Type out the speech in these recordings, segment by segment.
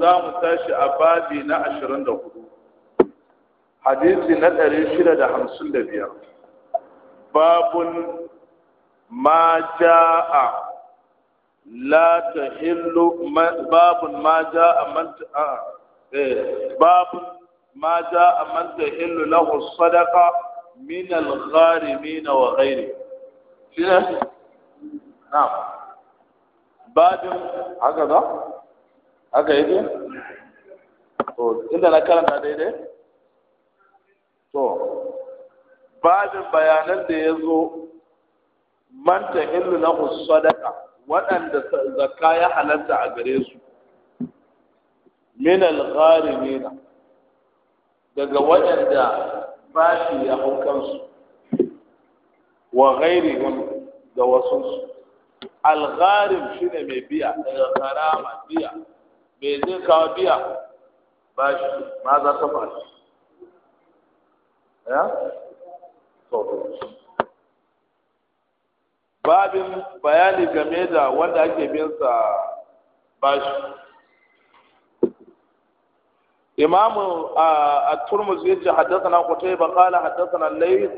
za mu tashi a babi na ashirin da hudu. hadisi na ɗari shida da hamsin da biyar. babun ma ja a ta'a eh, babun ma ja'a man tahillu lahu sadaqa min al-gharimin wa ghayri na babun haka da haka yake to inda na karanta daidai to babin bayanan da ya zo manta hillu na sadaka waɗanda Zaka ya halatta a gare su min al-gharimina daga waɗanda bashi ya hau kansu wa ghairihim da wasu al-gharim shine mai biya daga eh, karama biya me zai kawo biya ba shi ma za ta ba shi ya babin bayani game da wanda ake bin sa bashi إمام الترمذي يجي حدثنا قتيبة قال حدثنا الليث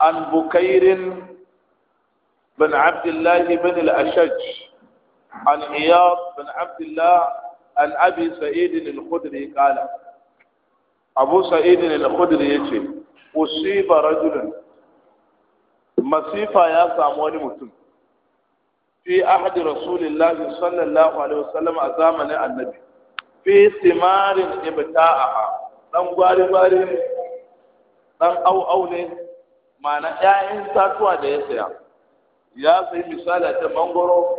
عن بكير بن عبد الله بن الأشج عن إياض بن عبد الله an abi sa'id al-khudri qala abu sa'id al-khudri yace usiba rajulun masifa ya samu wani mutum fi ahadi rasulillahi sallallahu alaihi wasallam a zamanin annabi fi simarin ibta'aha dan gwari gwari dan au au ne mana ƴaƴan tatuwa da ya saya ya sayi misali ta mangoro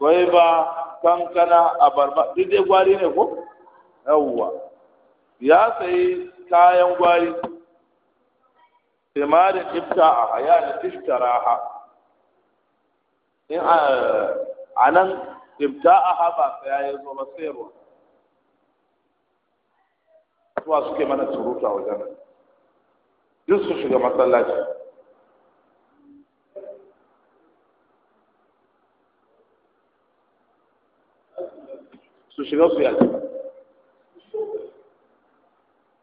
gwaiba kankana abarba duk dai gwari ne ko yawwa ya sayi kayan gwari timarin ifta a yana ishtaraha in eh, a nan ha ba saya ya zo ba sayarwa suwa suke mana surutu a wajen duk su shiga masallaci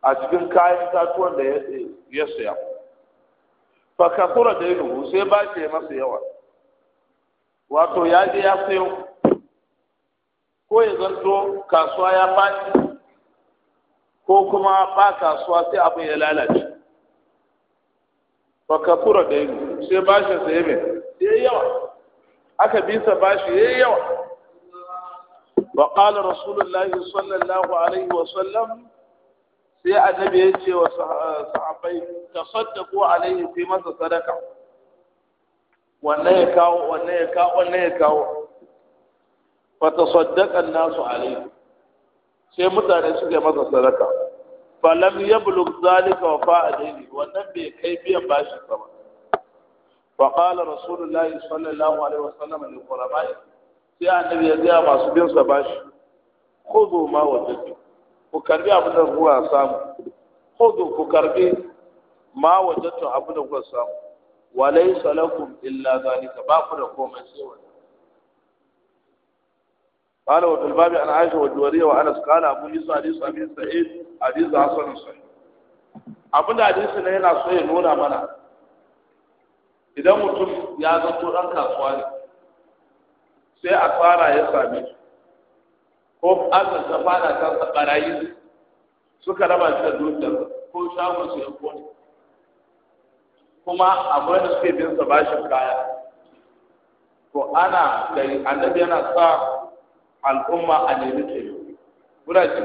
a cikin kayan tatuwan da ya siya. fa kasura da yinu sai ba shi ce masa yawa wato ya je ya sayo ko ya zanto kasuwa ya faɗi ko kuma ba kasuwa sai abin ya lalace fa kasura da yinu sai bashin sa ya mai yawa aka bisa bashi yayi yawa وقال رسول الله صلى الله عليه وسلم sai annabi ya ce wa sahabbai tasaddaqu alaihi fi masa sadaka wannan ya kawo wannan ya kawo wannan ya kawo fa tasaddaqa an-nasu alaihi sai mutane suka masa sadaka fa lam yablugh zalika wa fa'alihi wannan bai kai biyan bashi ba fa qala rasulullahi sallallahu alaihi wasallam lil quraba'in sai annabi ya gaya masu bin sa bashi khudhu ma wajadtu ku karbi abin da kuka samu khudhu ku karbi ma wajadtu abin da kuka samu wa laysa lakum illa zalika ba ku da komai sai wannan قالوا في الباب عن عائشة والجوارية وأنس قال أبو يسوع حديث أبي سعيد حديث حسن صحيح أبو الحديث هنا صحيح نونا منا إذا mutum يا zanto أنك kasuwa sai a fara ya same su ko aka ta fara ta barayi suka raba shi da dukiyar ko shagon su ya kone kuma akwai da suke bin bashin kaya to ana da annabi yana sa al'umma a nemi taimako kuraje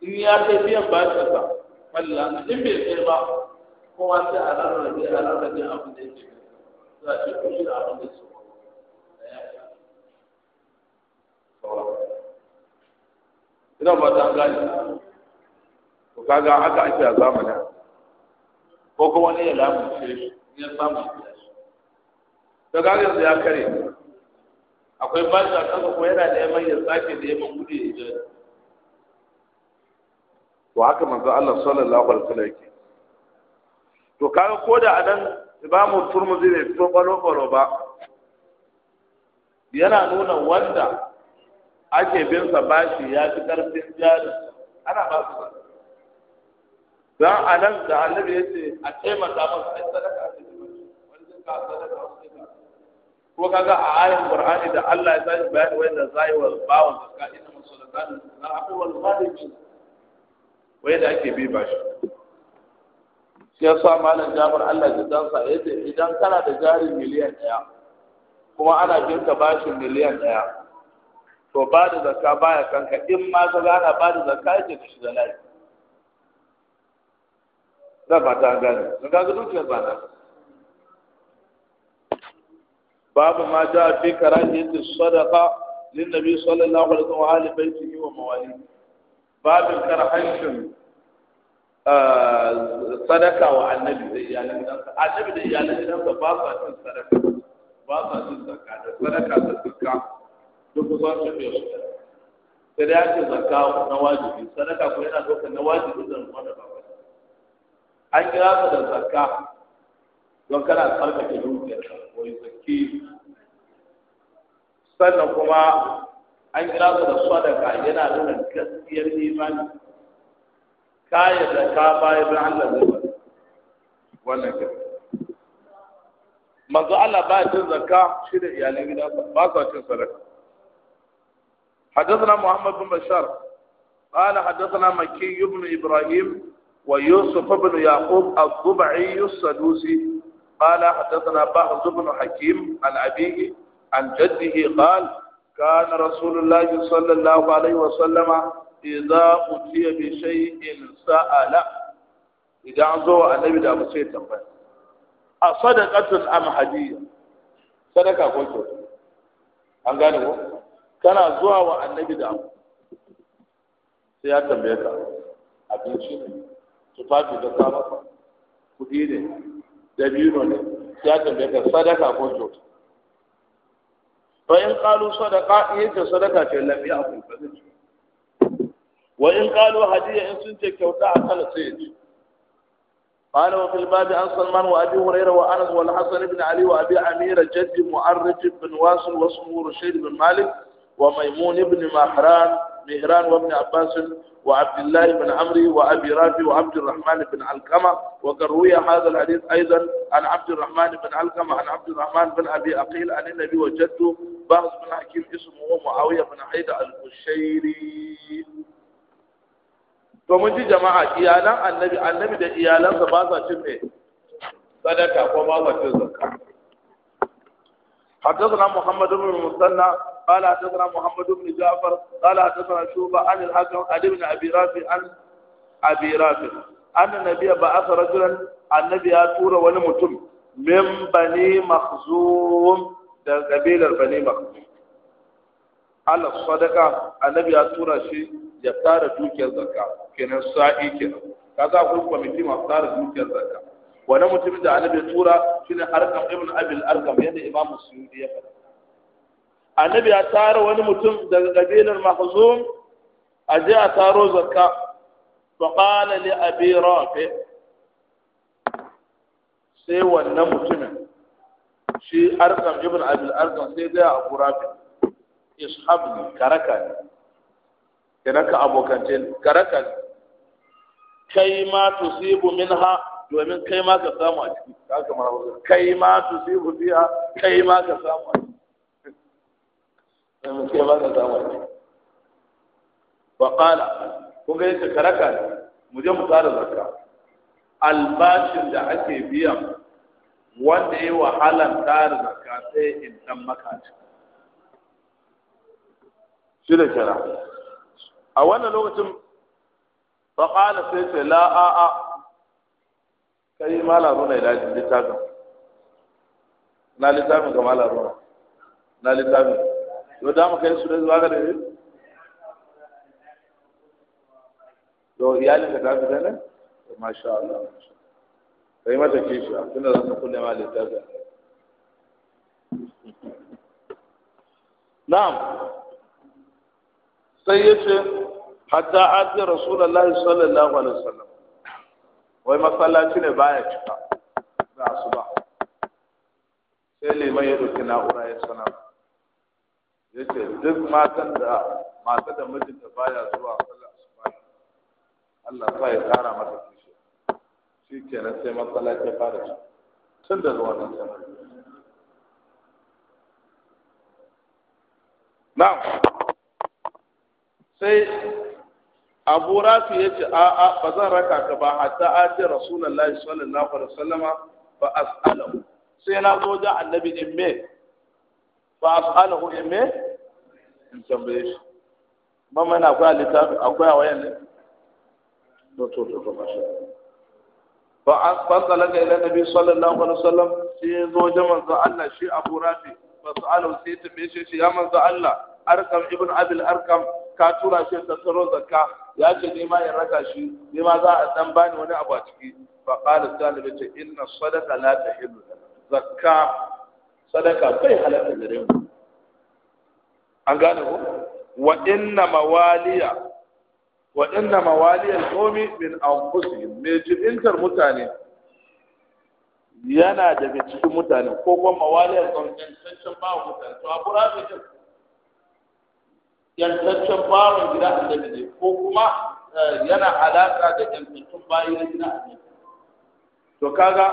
in ya kai biyan bashin sa falla in bai kai ba kowa sai a rarrabe a rarrabe abin da yake za a ce ko shi da abin da yake ina ba ta gane to kaga haka ake a zamanin ko kuma ne ya lamunce shi ya samu to kaga ya kare akwai ba shi a ko yana da yaman ya sake da yaman gudu ya je to haka manzo Allah sallallahu alaihi wasallam yake to kaga ko da anan imamu turmuzi bai to kwalo kwalo ba yana nuna wanda ake bin sa bashi ya fi karfin jari ana ba su ba don a nan da annabi ya ce a taimaka masa ai sadaka a cikin wani zai ka sadaka wasu zai ko kaga a ayin qur'ani da Allah ya sani bayani wanda zai wa bawon zakka inna musulmanin na abuwal zalimin wai da ake bi bashi shi Ya sa malam Jamur, Allah ya dansa ce idan kana da jari miliyan ɗaya, kuma ana ka bashin miliyan ɗaya. to ba da zakka baya kanka in ma ka ana ba da zakka ce ka shiga layi da ba ta gane sun ga dukiyar ba na babu ma ja fi karahiyati sadaqa lin nabi sallallahu alaihi wa alihi baitihi wa mawali babin karahancin ah, sadaka wa annabi da iyalan gidansa annabi da iyalan gidansa ba sa cin sadaka ba sa cin zakka da sadaka da zakka duk ba su fiye su sai da ake zakka na wajibi sadaka ko yana dokar na wajibi da wanda ba an kira ka da zakka don ka kana tsarkake dukiyarka ko yi zakki sannan kuma an kira ka da sadaka yana nuna gaskiyar imani kayan da ka bayar da Allah zai ba wannan kira manzo Allah ba cin zakka shi da iyalan gidansa ba sa cin sadaka حدثنا محمد بن بشار قال حدثنا مكي بن إبراهيم ويوسف بن يعقوب الضبعي السدوسي قال حدثنا بعض بن حكيم عن أبيه عن جده قال كان رسول الله صلى الله عليه وسلم إذا أتي بشيء سأل إذا أنزوا النبي ده أبو سيد أصدقة أم هدية صدقة قلت أنقاله tana zuwa wa annabi da abu sai ya tambaye ka abinci ne tufafi da kama kudi ne dabino ne sai ya tambaye ta sadaka ko kyauta fa in sadaka sadaqa yace sadaka ce lafi a fadl wa in qalu hadiya in sun ce kyauta a kala sai yace قال وفي الباب عن سلمان وابي هريره وانس والحسن بن علي وابي عمير جد معرج بن واصل واسمه رشيد بن مالك وميمون بن مهران مهران وابن عباس وعبد الله بن عمري وابي رافي وعبد الرحمن بن علقمه وقد هذا الحديث ايضا عن عبد الرحمن بن علقمه عن عبد الرحمن بن ابي عقيل عن النبي وجدته بعض بن حكيم اسمه معاويه بن حيدة البشيري to جماعة ji النبي النبي النبي annabi da iyalansa ba sa cin ne حدثنا محمد بن المثنى قال حدثنا محمد بن جعفر قال حدثنا شوبة عن الحكم عن ابن أبي رافع عن أبي رافع أن النبي بعث رجلا النبي أتور ولمتم من بني مخزوم ده قبيلة بني مخزوم على الصدقة النبي أتور شيء يبتار دوكي الزكاة كنا سائي كنا kaza akwai kwamiti masu tsara dukiyar zakka wannan mutumin da annabi tura shine arkam ibn abil arkam yadda imam suyudi ya faɗa annabi ya taro wani mutum daga kabilar mahzum a je a taro zakka fa qala li abi rafi sai wannan mutumin shi arqam ibn abul arqam sai da abu rafi ishabni karaka ne karaka abokantin karaka kai ma tusibu minha domin kai ma ka samu a ciki kai ma tusibu biya kai ma ka samu a ciki in sai ba ka zamani wa qala kun ga yadda karaka mu je mu tsara zakka albashin da ake biyan wanda ya yi wahalan tsara zakka sai in dan maka shi da kira a wannan lokacin faƙala sai sai la a a kai malaru na ilajin littafin na littafin ga malaru na littafin نو دا مو کې سورې زواګه نو یا له کتاب دې نه ماشاء الله کلمه کې څنګه نعم سيد حتى اتى رسول الله صلى الله عليه وسلم وما masallaci ne baya cika da asuba sai liman ya dauki yace duk matan da mata da mijinta baya zuwa sallar asuba Allah sa ya kara mata kishi shi kenan sai matsala ta fara shi. tun da zuwa nan sai na sai abu rafi ya ce a'a ba zan raka ka ba hatta a ce rasulullahi sallallahu alaihi wasallama ba as'alahu sai na zo da annabi in me fa as'aluhu in me in tambaye shi ban mana akwai littafi akwai a wayan nan to to to ba shi fa asfala ga ila nabi sallallahu alaihi wasallam sai zo jama'an za Allah shi Abu Rafi fa sa'alu sai tambaye shi ya manzo Allah arkam ibn abil arkam ka tura shi ta tsaro zakka ya ce ni ma in raka shi ni ma za a dan bani wani abu a ciki fa qala salibi ce inna sadaqa la tahillu zakka sadaka bai halatta gare mu an gane ko wa inna mawaliya wa inna mawaliyal qawmi min anfusihim me jibintar mutane yana daga cikin mutane ko kuma mawaliyar gwamnatin cancan bawa mutane to abu rafi din yantaccen bawan gida annabi ne ko kuma eh, yana alaƙa da yantaccen bayi na gida annabi to kaga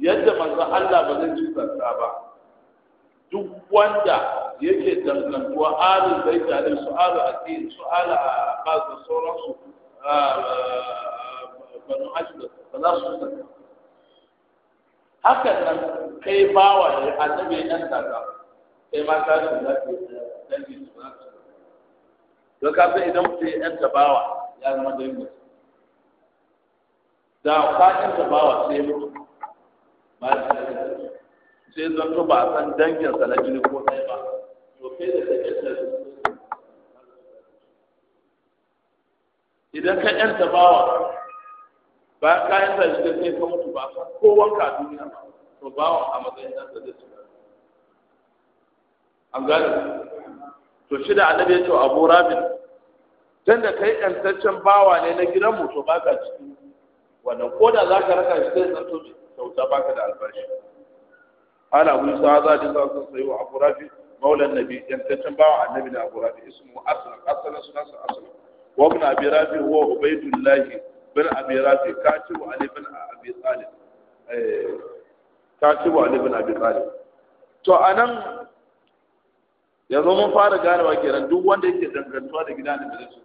yadda manzon Allah ba zai cutar ba duk wanda yake dangantuwa alin bai tare su alu addini su alu a bazu sauransu banu ashida ba za su san hakan nan kai bawa ne annabi ya nan daga kai ma ka su zafi dangi su za su to ka san idan mutum ya yanta bawa ya zama dangi da ka yanta bawa sai mutu ba shi da gaske sai zan ba a san danginsa na jini ko ɗaya ba to kai da kake da idan ka yanta bawa ba ka yanta shi kai ka mutu ba ka kowa ka duniya ba to bawa a matsayin dan da zai an gane to shi da annabi ya ce abu rabin tun da kai yantaccen bawa ne na gidan mu to ba ka ciki wannan ko da za ka raka shi zai zanto mai kyauta ka da albashi ala wani sa za ta sa sun sayi wa aburafi maulan nabi yantaccen bawa annabi da aburafi ismu aslam asalan sunansa aslam wa ibn abi rafi huwa ubaydullah bin abi rafi katibu ali bin abi talib eh, katibu ali bin abi talib to anan yanzu mun fara ganewa kenan duk wanda yake dangantuwa da gida da su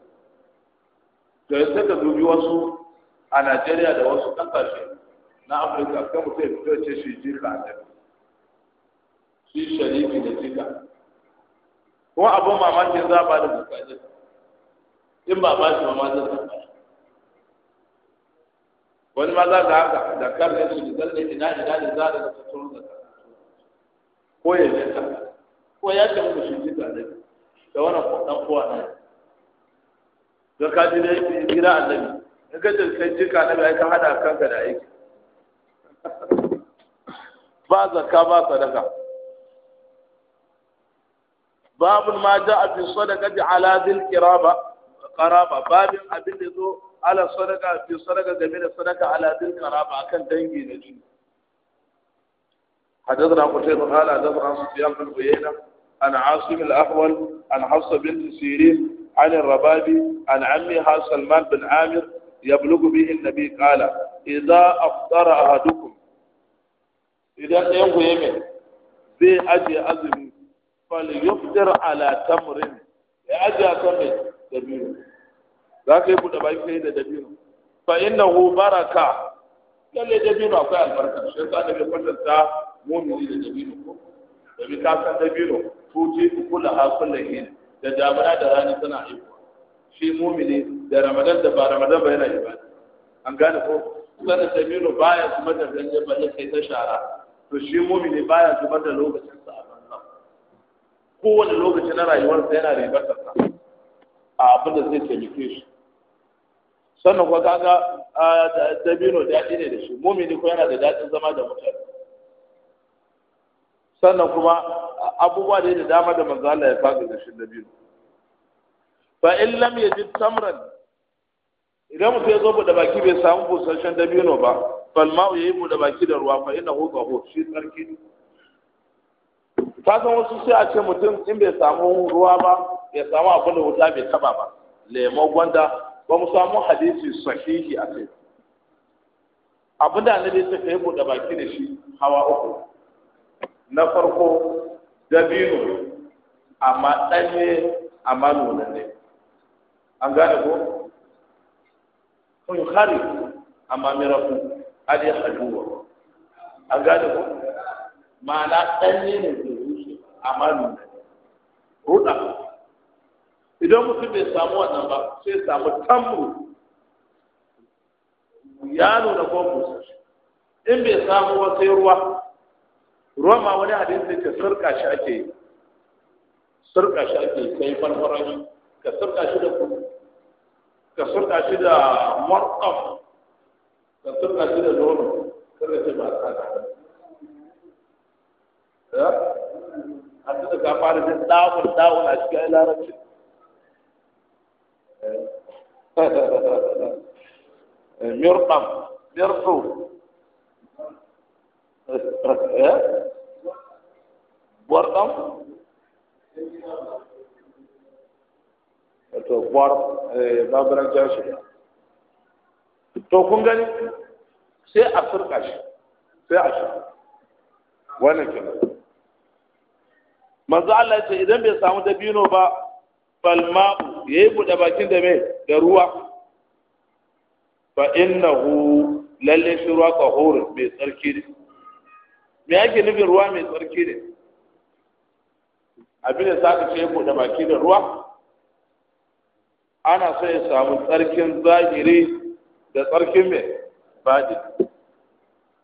to sai ka dubi wasu a Najeriya da wasu kasashe na afirka kan mutum ya fito ce shi ji annabi shi sharifi da jika kuma abin mamakin za ba da bukaji in ba ba shi mamakin za ba wani ma za ka haka da karne shi da zalle ina ina ne za da tattun da ko ya ne ta ko ya ce muku shi ji annabi da wani kwaɗan kowa ne da ka ji da gida annabi in ka jirka jika annabi ya ka hada kanka da aiki ba zakka ba sadaka babun ma ja'a fi sadaqati ala dil kiraba qaraba babin abin da zo ala sadaka fi sadaka game da sadaka ala dil kiraba akan dangi da juna حدثنا قتيبة قال حدثنا سفيان بن عيينة عن عاصم الأحول عن حفصة بنت سيرين عن الربابي عن عمها سلمان بن عامر يبلغ به النبي قال إذا أفطر أحدكم إذا ينقو يمين azumi, أجي أزمي فليفطر على تمر يا أجي أتمر دبيرو ذاك يبدو بايك دبيرو فإنه بركة lalle dabino akwai albarka shi yasa da bai kwatanta mumini da dabino ko da bi ka san dabino tuti kula ha kullu da damuna da rani tana aiko shi mumini da ramadan da ba ramadan ba yana ba. an gane ko sana tamiru baya kuma da ganje ya kai ta shara to shi mumini baya zubar da lokacin sa a banza kowane lokaci na rayuwarsa yana ribar sa a abin da zai taimake shi sannan kuwa kaga dabino daɗi ne da shi mumini ko yana da daɗin zama da mutane sannan kuma abubuwa da dama da manzo Allah ya faga da shi dabino fa in lam yajid tamran idan mutum ya zo buɗe baki bai samu busasshen dabino ba balma ya yi buɗe baki da ruwa fa ina hoka ho shi tsarki Ta san wasu sai a ce mutum in bai samu ruwa ba bai samu abin da wuta bai taba ba lemo gwanda ba mu samu hadisi sahihi a kai abin da annabi sai ka yi buɗe baki da shi hawa uku na farko dabino amma ɗanye amma ne an gane ko kun hari amma miraku ade haduwa A gane ko ma'ana ɗanye ne da rushe amma nuna ruɗa idan mutum bai samu wannan ba sai samu tamru ya nuna ko busa in bai samu ba sai ruwa ruwa ma wani hadisi ce sirka shi ake yi sirka shi ake kai farfaran ka sirka shi da کڅوړه چې دا مرطف کڅوړه چې دا نور کړې چې ما کاړه دا هغه کاپاره چې دا او دا او اشګلاره چې مرطف مرطف ورطم wato gwar babaranta eh, jashi. ba to kun gani sai a furka shi sai a sha wannan kenan manzo Allah ce idan bai samu dabino ba falma'u yayi bude bakin da mai da ruwa fa innahu lalle shi ruwa qahur mai tsarki ne me yake nufin ruwa mai tsarki ne abin da ka ce ya bude baki da ruwa ana so ya samu tsarkin zahiri da tsarkin mai baji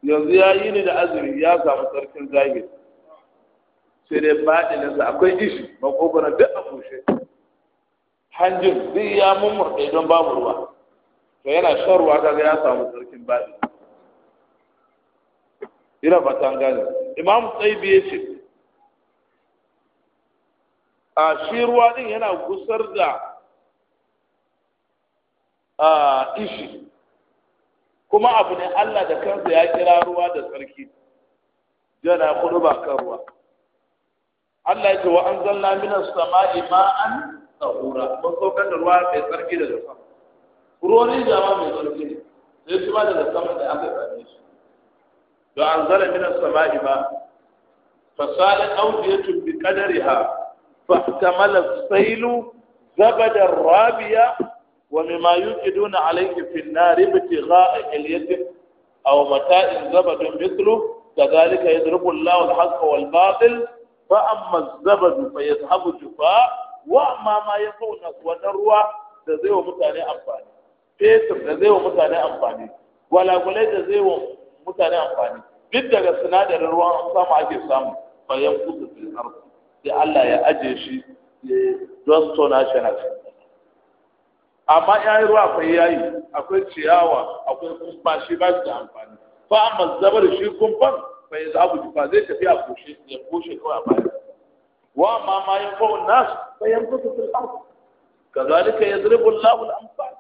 yanzu ya yi ni da azumi ya samu tsarkin zahiri sai dai baɗininsa akwai ishi makogona duk a kushe hanjin zai ya mummurɗe don babu ruwa to yana shan ruwa ta ya samu tsarkin baɗi ina ba ta gane imamu tsaibi ya ce a shi ruwa din yana gusar da ishi kuma abu ne Allah da kansa ya kira ruwa da tsarki jana kudu ba kan ruwa Allah ya ce wa an zalla minas sama'i ma'an tsahura mun so kan ruwa mai tsarki daga sama ruwan rijiya ma mai tsarki ne sai kuma daga sama da aka tsare shi da an zalla minas sama'i ma fasalat awdiyatun bi qadariha fa ihtamala as-sailu zabada rabiya ومما يوقدون عليه في النار ابتغاء حلية أو متاع زبد مثله كذلك يضرب الله الحق والباطل فأما الزبد فيذهب جفاء وأما ما يكون ونروى تزيو متاني أمفاني fetur da zai wa mutane amfani gwalagwalai da zai wa mutane amfani duk daga sinadarin ruwan sama ake samu bayan kusa sai Allah ya ajiye shi don amma yi ruwa akwai yayi akwai ciyawa akwai kumfa shi ba shi da amfani fa amma zabar shi kumfan fa yanzu abu ba zai tafi a kushe ya kushe ko a baya wa amma ma yanfa'u nas fa yanfutu fil ka kazalika yadribu Allahu al-amsal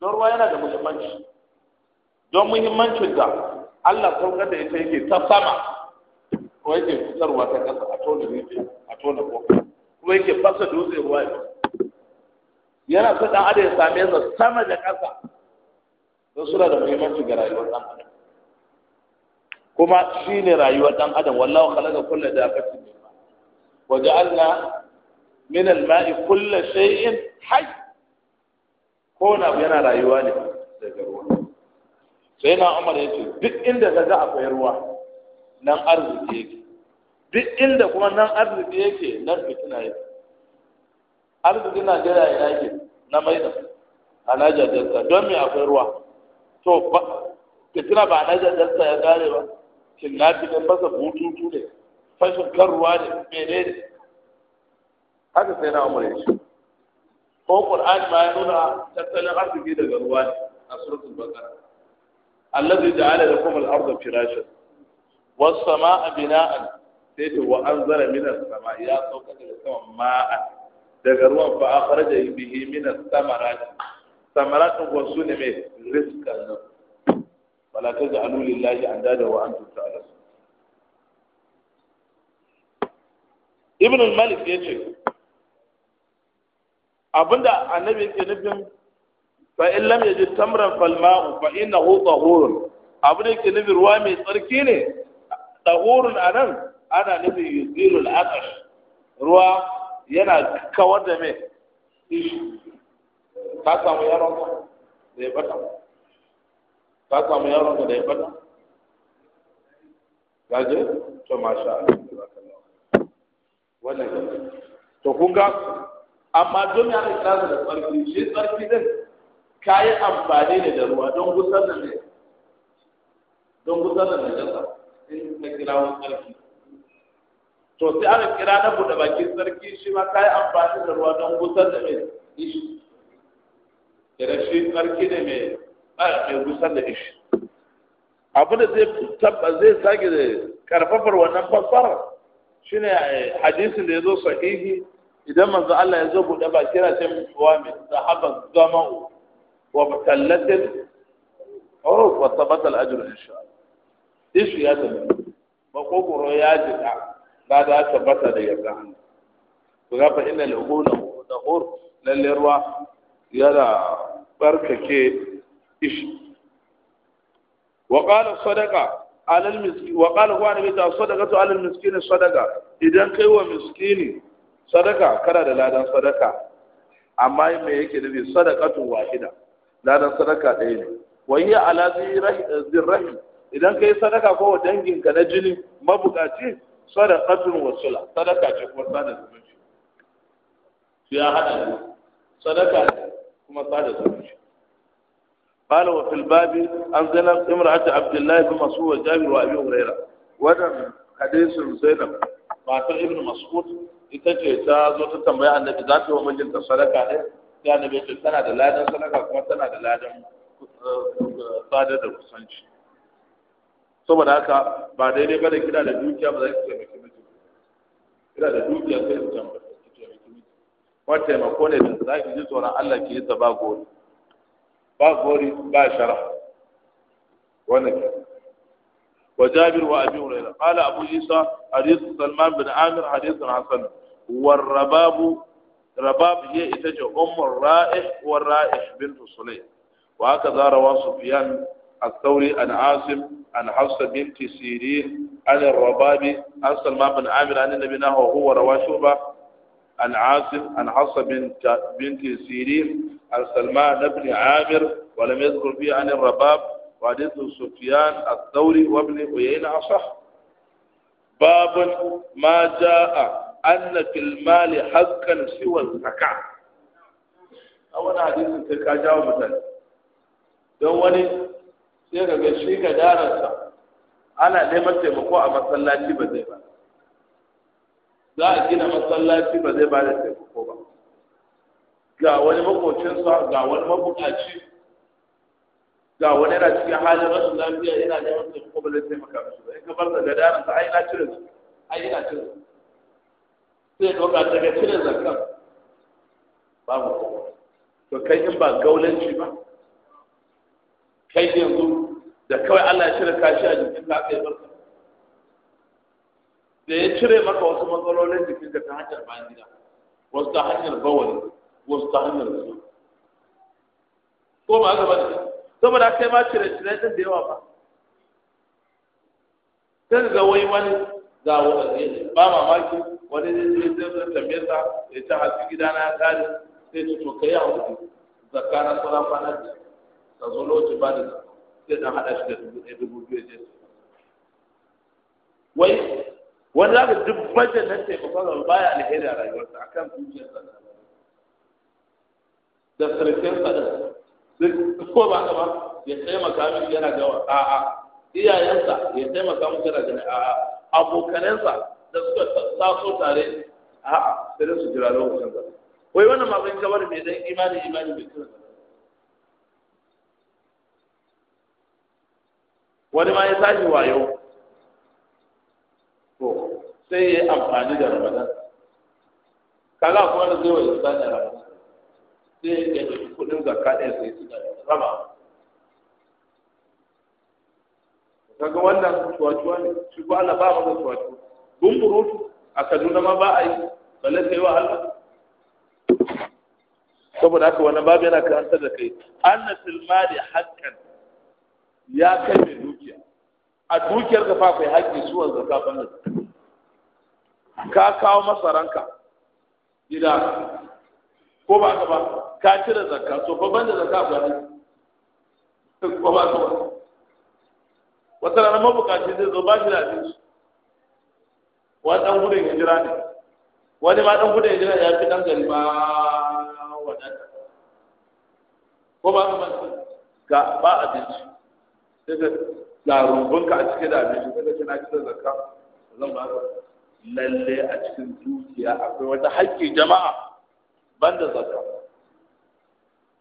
don ruwa yana da muhimmanci don muhimmancin da Allah saukar da ita yake ta sama ko yake fitarwa ta kasa a tona rufe a tona ko kuma yake fasa dutse ruwa ya yana so dan adam ya same sa sama da ƙasa don suna da muhimmanci ga rayuwar dan adam kuma shine rayuwar dan adam da khalaqa kullu dabatin wa ja'alna min al-ma'i kullu shay'in hayy ko na yana rayuwa ne daga ruwa sai na umar ya ce duk inda ka ga akwai ruwa nan arziki yake duk inda kuma nan arziki yake nan fitina yake arzikin najeriya ya yake na maida a naija delta don me akwai ruwa to ba fitina ba a naija delta ya gare ba Shin na fi ne masa bututu ne fashin kan ruwa ne mene ne haka sai na amure shi ko qur'ani ma ya nuna tattalin arziki daga ruwa ne a surutun baqara allazi ja'ala da kuma ardha firashin. Wasu samaa bina'an sai ta wa'an zara minar samaa ya sauka daga sama ma'an daga ruwan fa akhraja bihi min ath-thamarat thamarat wa sunne me rizqan nan wala taj'alu an dada wa an antum ta'lamun ibn malik ya ce. abinda annabi yake nufin fa in lam yajid tamran fal ma'u fa innahu tahurun abu da yake nufin ruwa mai tsarki ne tahurun anan ana nufin yuzilul aqash ruwa yana kawar da mai ishi ka samu ka da ya bata ka samu ka da ya bata gaje to masha Allah wannan to kun ga amma don ya ne da tsarki shi tsarki din kayi amfani ne da ruwa don gusar da ne don gusar da najasa in ta kira wani to sai aka kira na buɗe bakin sarki shi ma kai amfani da ruwa don gusar da mai ishi da shi sarki ne mai mai gusar da ishi abu da zai tabba zai sake da karfafar wannan fassara shine eh, hadisin da yazo sahihi idan manzo Allah ya zo buɗe bakin ra sai wa mai zahaban zama'u wa mutallatin oh wa sabata al-ajr insha Allah ishi ya tabbata ba kokoro ya jika la da tabbata da yarda hannu to ga fa inna al-ghulu dahur lalle ruwa yana barkake ishi wa qala sadaqa ala al-miskin wa qala huwa nabi ta sadaqatu ala idan kai wa miskini sadaka kana da ladan sadaka amma me yake nufi sadaqatu wahida ladan sadaka ɗaya ne wa hiya ala zirrahi idan kayi sadaka ko danginka na jini mabukaci sadaqatun wa sula sadaka ce kuma sada zumunci su ya hada sadaka kuma sada zumunci قال وفي الباب عن امرأة عبد الله بن مسعود وجابر وأبي هريرة ودم حديث زينب matar ibnu mas'ud ita ce ta zo ta tambaya annabi za ta yi wa sadaka ne sai annabi ce tana da ladan sadaka kuma tana da ladan eh, sadar da kusanci saboda haka ba daidai bane kina da dukiya ba za ki taimaki miji kina da dukiya sai mutum ba ki taimaki miji ko taimako ne da za ki ji tsoron Allah ke yasa ba gori ba gori ba shara wannan ke wa jabir wa abi hurairah qala abu isa hadith salman bin amir hadith hasan wa rababu rabab hiya ita ce ummur ra'ih wa ra'ih bint sulay wa haka zara wa sufyan الثوري عن عاصم عن حفصة بنت سيرين عن الرباب عن سلمان بن عامر عن النبي نهى وهو روى شعبة عن عاصم عن حفصة بنت بنت سيرين عن سلمان بن عامر ولم يذكر فيه عن الرباب وحديث سفيان الثوري وابن عيينة أصح باب ما جاء أن في المال حقا سوى الزكاة أولا حديث تلك جاوب مثلا don wani sai daga shi ka darasa ana neman taimako a masallaci ba zai ba za a gina masallaci ba zai ba da taimako ba ga wani sa ga wani mabukaci ga wani yana cikin halin rashin lafiya yana neman taimako ba zai taimaka shi ba in ka bar daga darasa ai na cire su ai ina cire su sai ɗauka daga cire zakar babu to kai in ba gaulanci ba kai yanzu da kawai Allah ya cire kashi a jikin ka aka yi barka da ya cire maka wasu matsalolin jikin ka ta hanyar bayan gida wasu ta hanyar bawali wasu ta hanyar zuwa? ko ba gaba da saboda kai ma cire cire din da yawa ba sai ga wai wani za ba mamaki wani zai zai zai tambayar ta ya ta hasu gidana ya kare sai ce to kai a wani zakana sauran kwana biyar ka zo lokacin ba da sai dan hada shi da dubu ɗaya dubu biyu je wai wani zaka duk bajet na taimakon ba ya alheri a rayuwarsa akan zuciyarsa da sarkinsa da duk ko ba ka ba ya taimaka min yana gawa a'a iyayensa ya taimaka min yana gani a'a abokanensa da suka taso tare a'a sai su jira lokacin da wai wannan ma ban kawar mai dan imani imani mai kira wani ma ya tashi wayo to sai ya yi amfani da ramadan kaga kuma da zai wayo da ramadan sai ya yi kuɗin zakka ɗaya sai su rama kaga wannan cuwa ne shi ko Allah ba maka cuwa-cuwa bumburutu a Kaduna ma ba a yi balle sai wa Allah saboda haka wannan babu yana karanta da kai annatul mali haqqan ya kai mai dukiya a dukiyar ka fa akwai haƙƙi suwan zakka banda ka kawo masa ranka gida ko ba ka ba ka cire zakka so fa banda zakka ba ne ko ba ka ba wata rana mabukaci zai zo ba shi da abinci wani ɗan gudun hijira ne wani ma ɗan gudun hijira ya fi ɗan gari ba wadanda ko ba ka ba ka ba abinci sai ka ga a cike da abinci sai ka ce na ci da zakka zan ba ka lalle a cikin dukiya akwai wata haƙƙi jama'a ban da zakka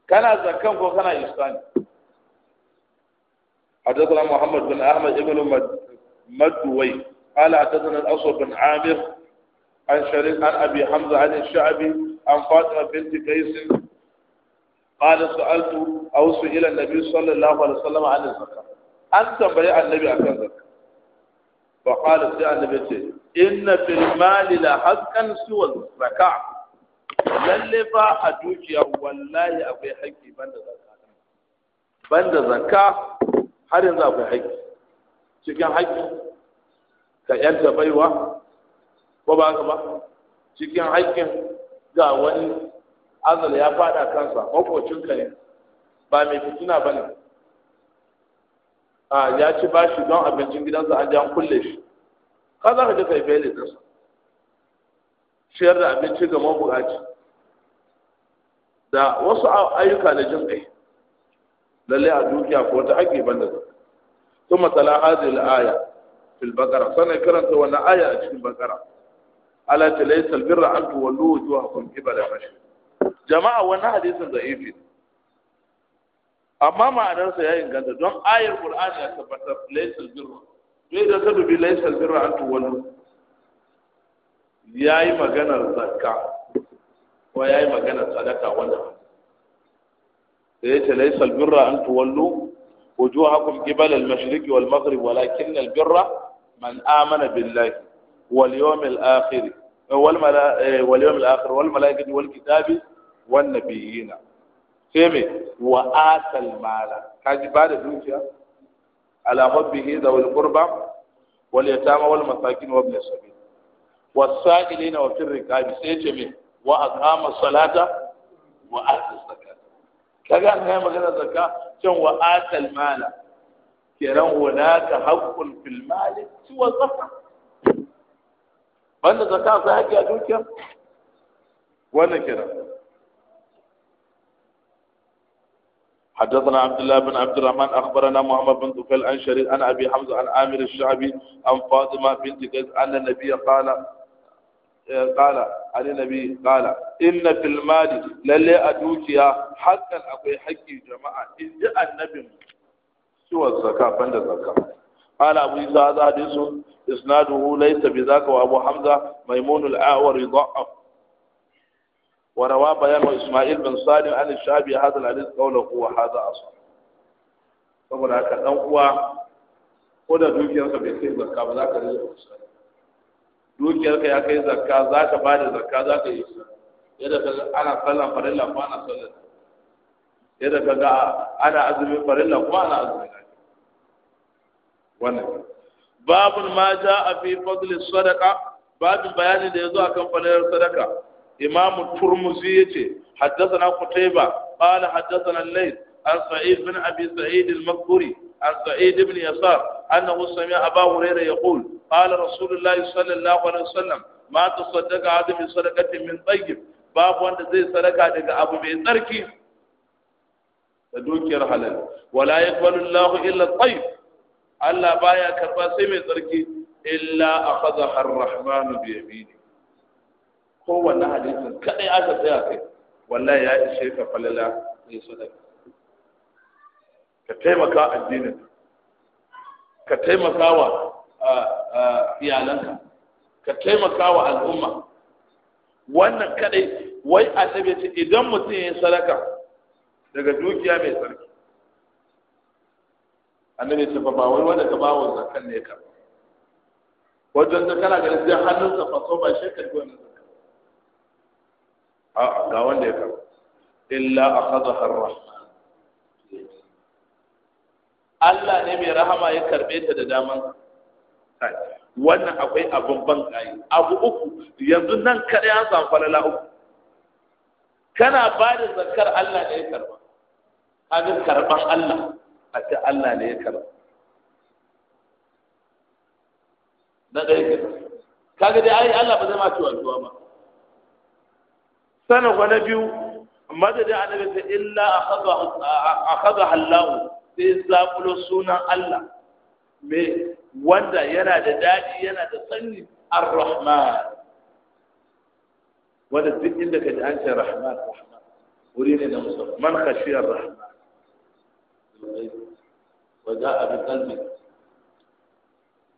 kana zakkan ko kana ihsani حدثنا محمد بن احمد بن مدوي قال حدثنا الاسود بن عامر عن شريك عن ابي حمزه عن الشعبي عن فاطمه بنت قيس قال سالت او سئل النبي صلى الله عليه وسلم عن الزكاه an tambayi annabi akan zakka fa qala sai annabi ce inna fil mali la haqqan suwa zakka lalle fa a dukiya wallahi akwai haƙƙi banda zakka banda zakka har yanzu akwai haƙƙi cikin haƙƙi ka yanta baiwa ko ba ka ba cikin haƙƙin ga wani azal ya fada kansa makocinka ne ba mai fitina ba ne ya ci bashi don abincin gidansa an jan kulle shi ka za ka ji kai bele da su ciyar da abinci ga mabukaci da wasu ayyuka na jin kai lalle a dukiya ko ta ake banda da ثم تلا هذه الآية في البقرة سنة كرنت وانا آية في البقرة ألا ليس البر أن تولوا وجوهكم قبل المشرق جماعة وانا حديث ضعيف amma ma'anarsa ya inganta don ayar qur'ani ya tabbata laysal birra to da ka dubi laysal birra an ya yi maganar zakka ko ya yi maganar sadaka wanda da ce laysal birra an tuwallu wujuhakum qibala al-mashriq wal maghrib walakin al-birra man amana billahi wal yawmil akhir wal malaa'ikati eh, wal kitabi wan nabiyina sai mai wa atal mala ji ba da dukiya ala wani zawil qurba wal yatama wal masakin wa ibn sabil wasa'ilina wa fir riqabi sai ce mai wa aqama salata wa ata zakat kaga an yi magana zakka can wa atal mala kenan ka haƙƙun fil mali suwa zakka banda zakka sai haƙƙi a dukiya wannan kenan حدثنا عبد الله بن عبد الرحمن اخبرنا محمد بن طفيل عن شريك عن ابي حمزه عن عامر الشعبي عن فاطمه بنت قيس ان النبي قال قال عن النبي قال ان في المال للي ادوكيا حقا اكو حقي جماعه ان جاء النبي سوى الزكاه بند الزكاه قال ابو عيسى هذا حديث اسناده ليس بذاك وابو حمزه ميمون الاعور ضعف وروى بيان إسماعيل بن صالح عن الشعبي هذا الحديث قوله وهذا أصح saboda haka dan uwa ko da dukiyarka bai kai zakka ba za ka rage misali dukiyarka ya kai zakka za ka ba da zakka za ka yi yadda ka ana sallan farilla kuma ana sallan yadda ka ga ana azumin farilla kuma ana azumin wannan babun ma ja'a fi fadli sadaqa babin bayanin da yazo akan falalar sadaka imamu turmuzi yace haddathana qutayba qala haddathana al-layth an sa'id bin abi sa'id al-makburi an sa'id ibn yasar annahu sami'a aba hurayra yaqul qala sallallahu alaihi wasallam ma tasaddaqa adam sadaqatin min tayyib babu wanda zai sadaka daga abu mai tsarki da dukiyar halal wala yaqbalu illa tayyib Allah baya karba sai mai tsarki illa akhadha ar-rahmanu wanne hadisin kadai aka tsaya kai wallahi ya ishe ka falala sai sadaka ka taimaka addinin ka taimaka wa iyalanka ka taimaka wa al'umma wannan kadai wai a ce idan mutum ya yi sadaka daga dukiya mai tsarki annabi ce ba wai wanda ka ba wa zakan ne ka wajen da kana ganin sai hannunsa faso ba shi ka a'a ga wanda ya karba illa akhadha ar-rahman Allah ne mai rahama ya karbe ta da daman wannan akwai abun ban kai abu uku yanzu nan kare an samu falala uku kana ba da zakar Allah ne ya karba hadu karban Allah a ta Allah ne ya karba na dai kaga dai ai Allah ba zai ma ciwa ba sanin kwana biyu madadin annabi ta illa a kaga hallahu sai zaɓulo sunan Allah me wanda yana da daɗi yana da sanyi ar-rahman wanda duk inda ka ji an ce rahman rahman wuri ne na musamman man khashiyar rahman wa za'a bi qalbi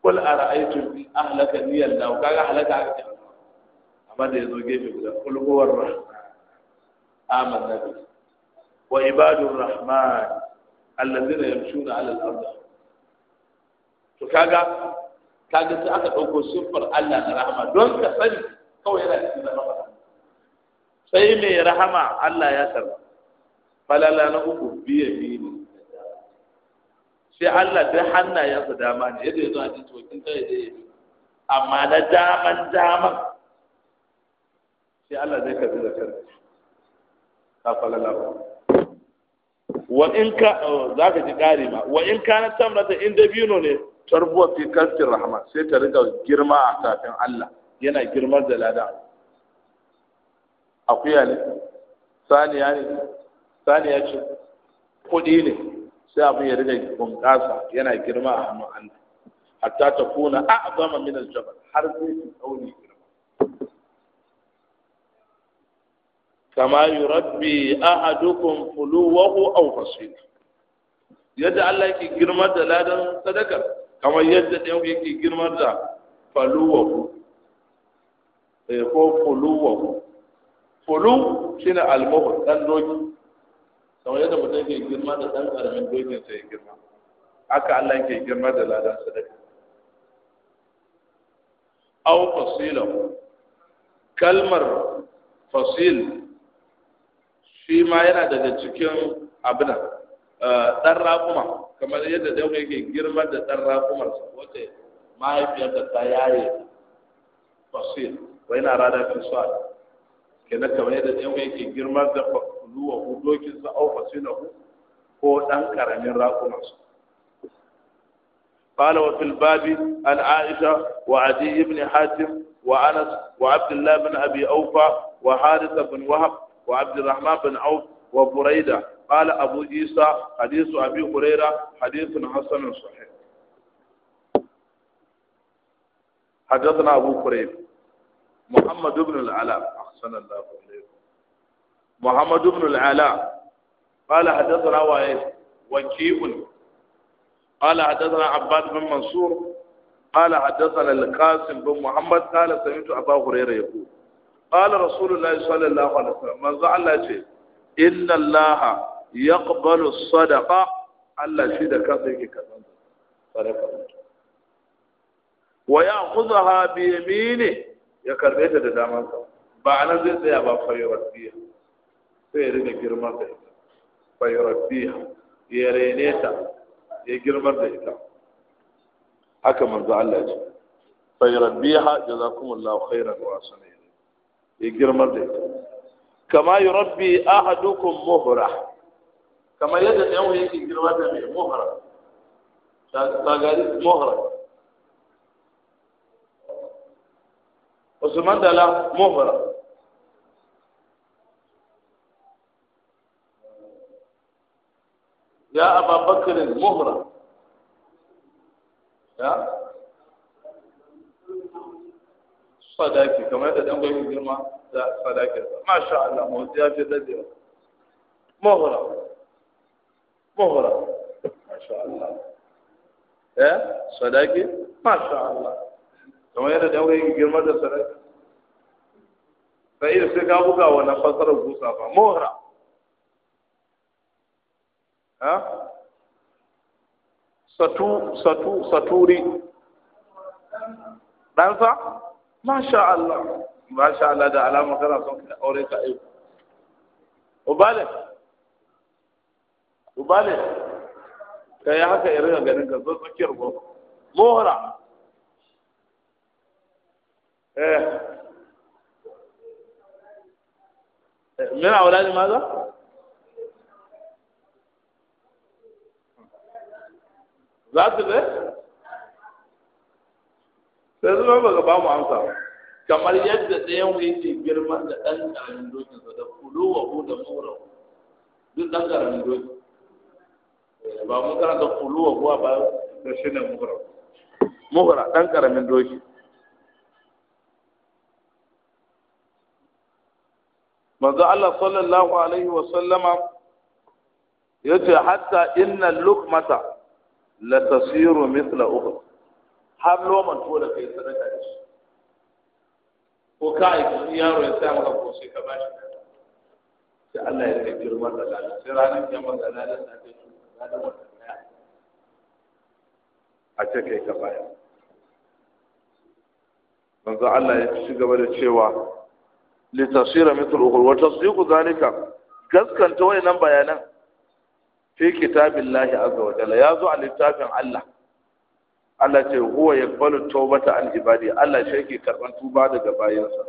qul ara'aytum in ahlaka niyallahu kaga halaka aka amma da ya zo gefe guda kulhuwar rahman aman nabi wa ibadun rahman allazina yamshuna ala al-ardh to kaga kaga sai aka dauko siffar Allah na rahama don ka sani kawai yana cikin rahama sai mai rahama Allah ya tarba falala na uku biye biye sai Allah duk hannayensa dama ne yadda ya zo a cikin wakil kai da amma na daman daman sai Allah zai da zakar ka falala wa in ka oh, za ka ji ƙari ma wa in ka na tamrata in dabino ne tarbuwa fi kaskin rahama sai ta riga girma a tafin Allah yana girmar da lada akuya ne saniya ne saniya ce kuɗi ne sai abin ya riga bunƙasa yana girma a hannun Allah hatta ta kuna a'zama min al-jabal har zai ta tsauni kama yurabbi ahadukum fuluwahu aw fasila yadda Allah yake girma da ladan sadaka kamar yadda ɗan yake girma da faluwahu ko fuluwahu fulu shine almuhu ɗan doki kamar yadda mutum yake girma da ɗan karamin dokin sai girma haka Allah yake girma da ladan sadaka aw fasilahu kalmar fasil shi ma yana daga cikin abin eh, ɗan raƙuma kamar yadda da yake girma da ɗan su, wacce mahaifiyar da ta yaye fasil wa yana rada fi sa kenan kamar yadda da yake girma da luwa hudokin dokin sa au basirahu ko ɗan ƙaramin raƙumarsa قال وفي الباب عن عائشة وعدي بن حاتم وأنس وعبد الله بن أبي أوفى وحارثة بن وهب وعبد الرحمن بن عوف وبريدة قال أبو عيسى حديث أبي هريرة حديث حسن صحيح حدثنا أبو كريب محمد بن العلاء أحسن الله إليكم محمد بن العلاء قال حدثنا وائل وكيء قال حدثنا عباد بن منصور قال حدثنا القاسم بن محمد قال سمعت أبا هريرة يقول qala rasulullahi sallallahu alaihi wasallam manzo Allah ce inna Allah yaqbalu sadaqa Allah shi da kansa yake karban sadaka wa ya'khudha bi ya karbe ta da daman sa ba anan zai tsaya ba fayyar biya ya rika girma da ita fayyar biya ya ya girmar da ita haka manzo Allah ce fayyar biya jazakumullahu khairan wa asani يجرمل دي كما يربي احدكم مهرة كما يدعي هو يجرمل مهرة مهرا تاغاري مهرا ده لا مهرة يا ابا بكر مهرا sadaki kamar yadda dan bai girma da sadaki masha Allah mu ya fi dadewa muhra muhra masha Allah eh sadaki masha Allah kamar yadda dan bai girma da sadaki sai sai ka buga wannan fasarar gusa fa muhra ha satu satu saturi ɗansa masha Allah masha Allah da alama kana son ka aure ka aiko ubale ubale kai haka irin ganin ka zo tsakiyar gobe mohra eh من أولاد ماذا؟ ذات الايه؟ ba ba ga ba mu amsa kamar yadda ɗayan wuyi ke girma da ɗan ƙaramin dokin sa da kulo wa hu da mura duk ɗan ƙaramin doki eh, ba mun da kulo wa huwa ba da shi ne mura mura ɗan ƙaramin doki manzo Allah sallallahu alaihi wa sallama yace hatta inna lukmata la tasiru mithla ukhra har noman to da kai sadaka da shi ko ka aiki yaro ya sa ka ko sai ka bashi sai Allah ya yi girman da lalle sai ranar kiyama da lalle ta kai shi da da wannan kaya a ce kai ka baya manzo Allah ya ci gaba da cewa litasira mithlu ukhra wa tasdiqu zalika gaskanta wayannan bayanan fi kitabillahi azza wa jalla yazo a littafin Allah Allah ce huwa yaqbalu tawbata al ibadi Allah shi yake karban tuba daga bayansa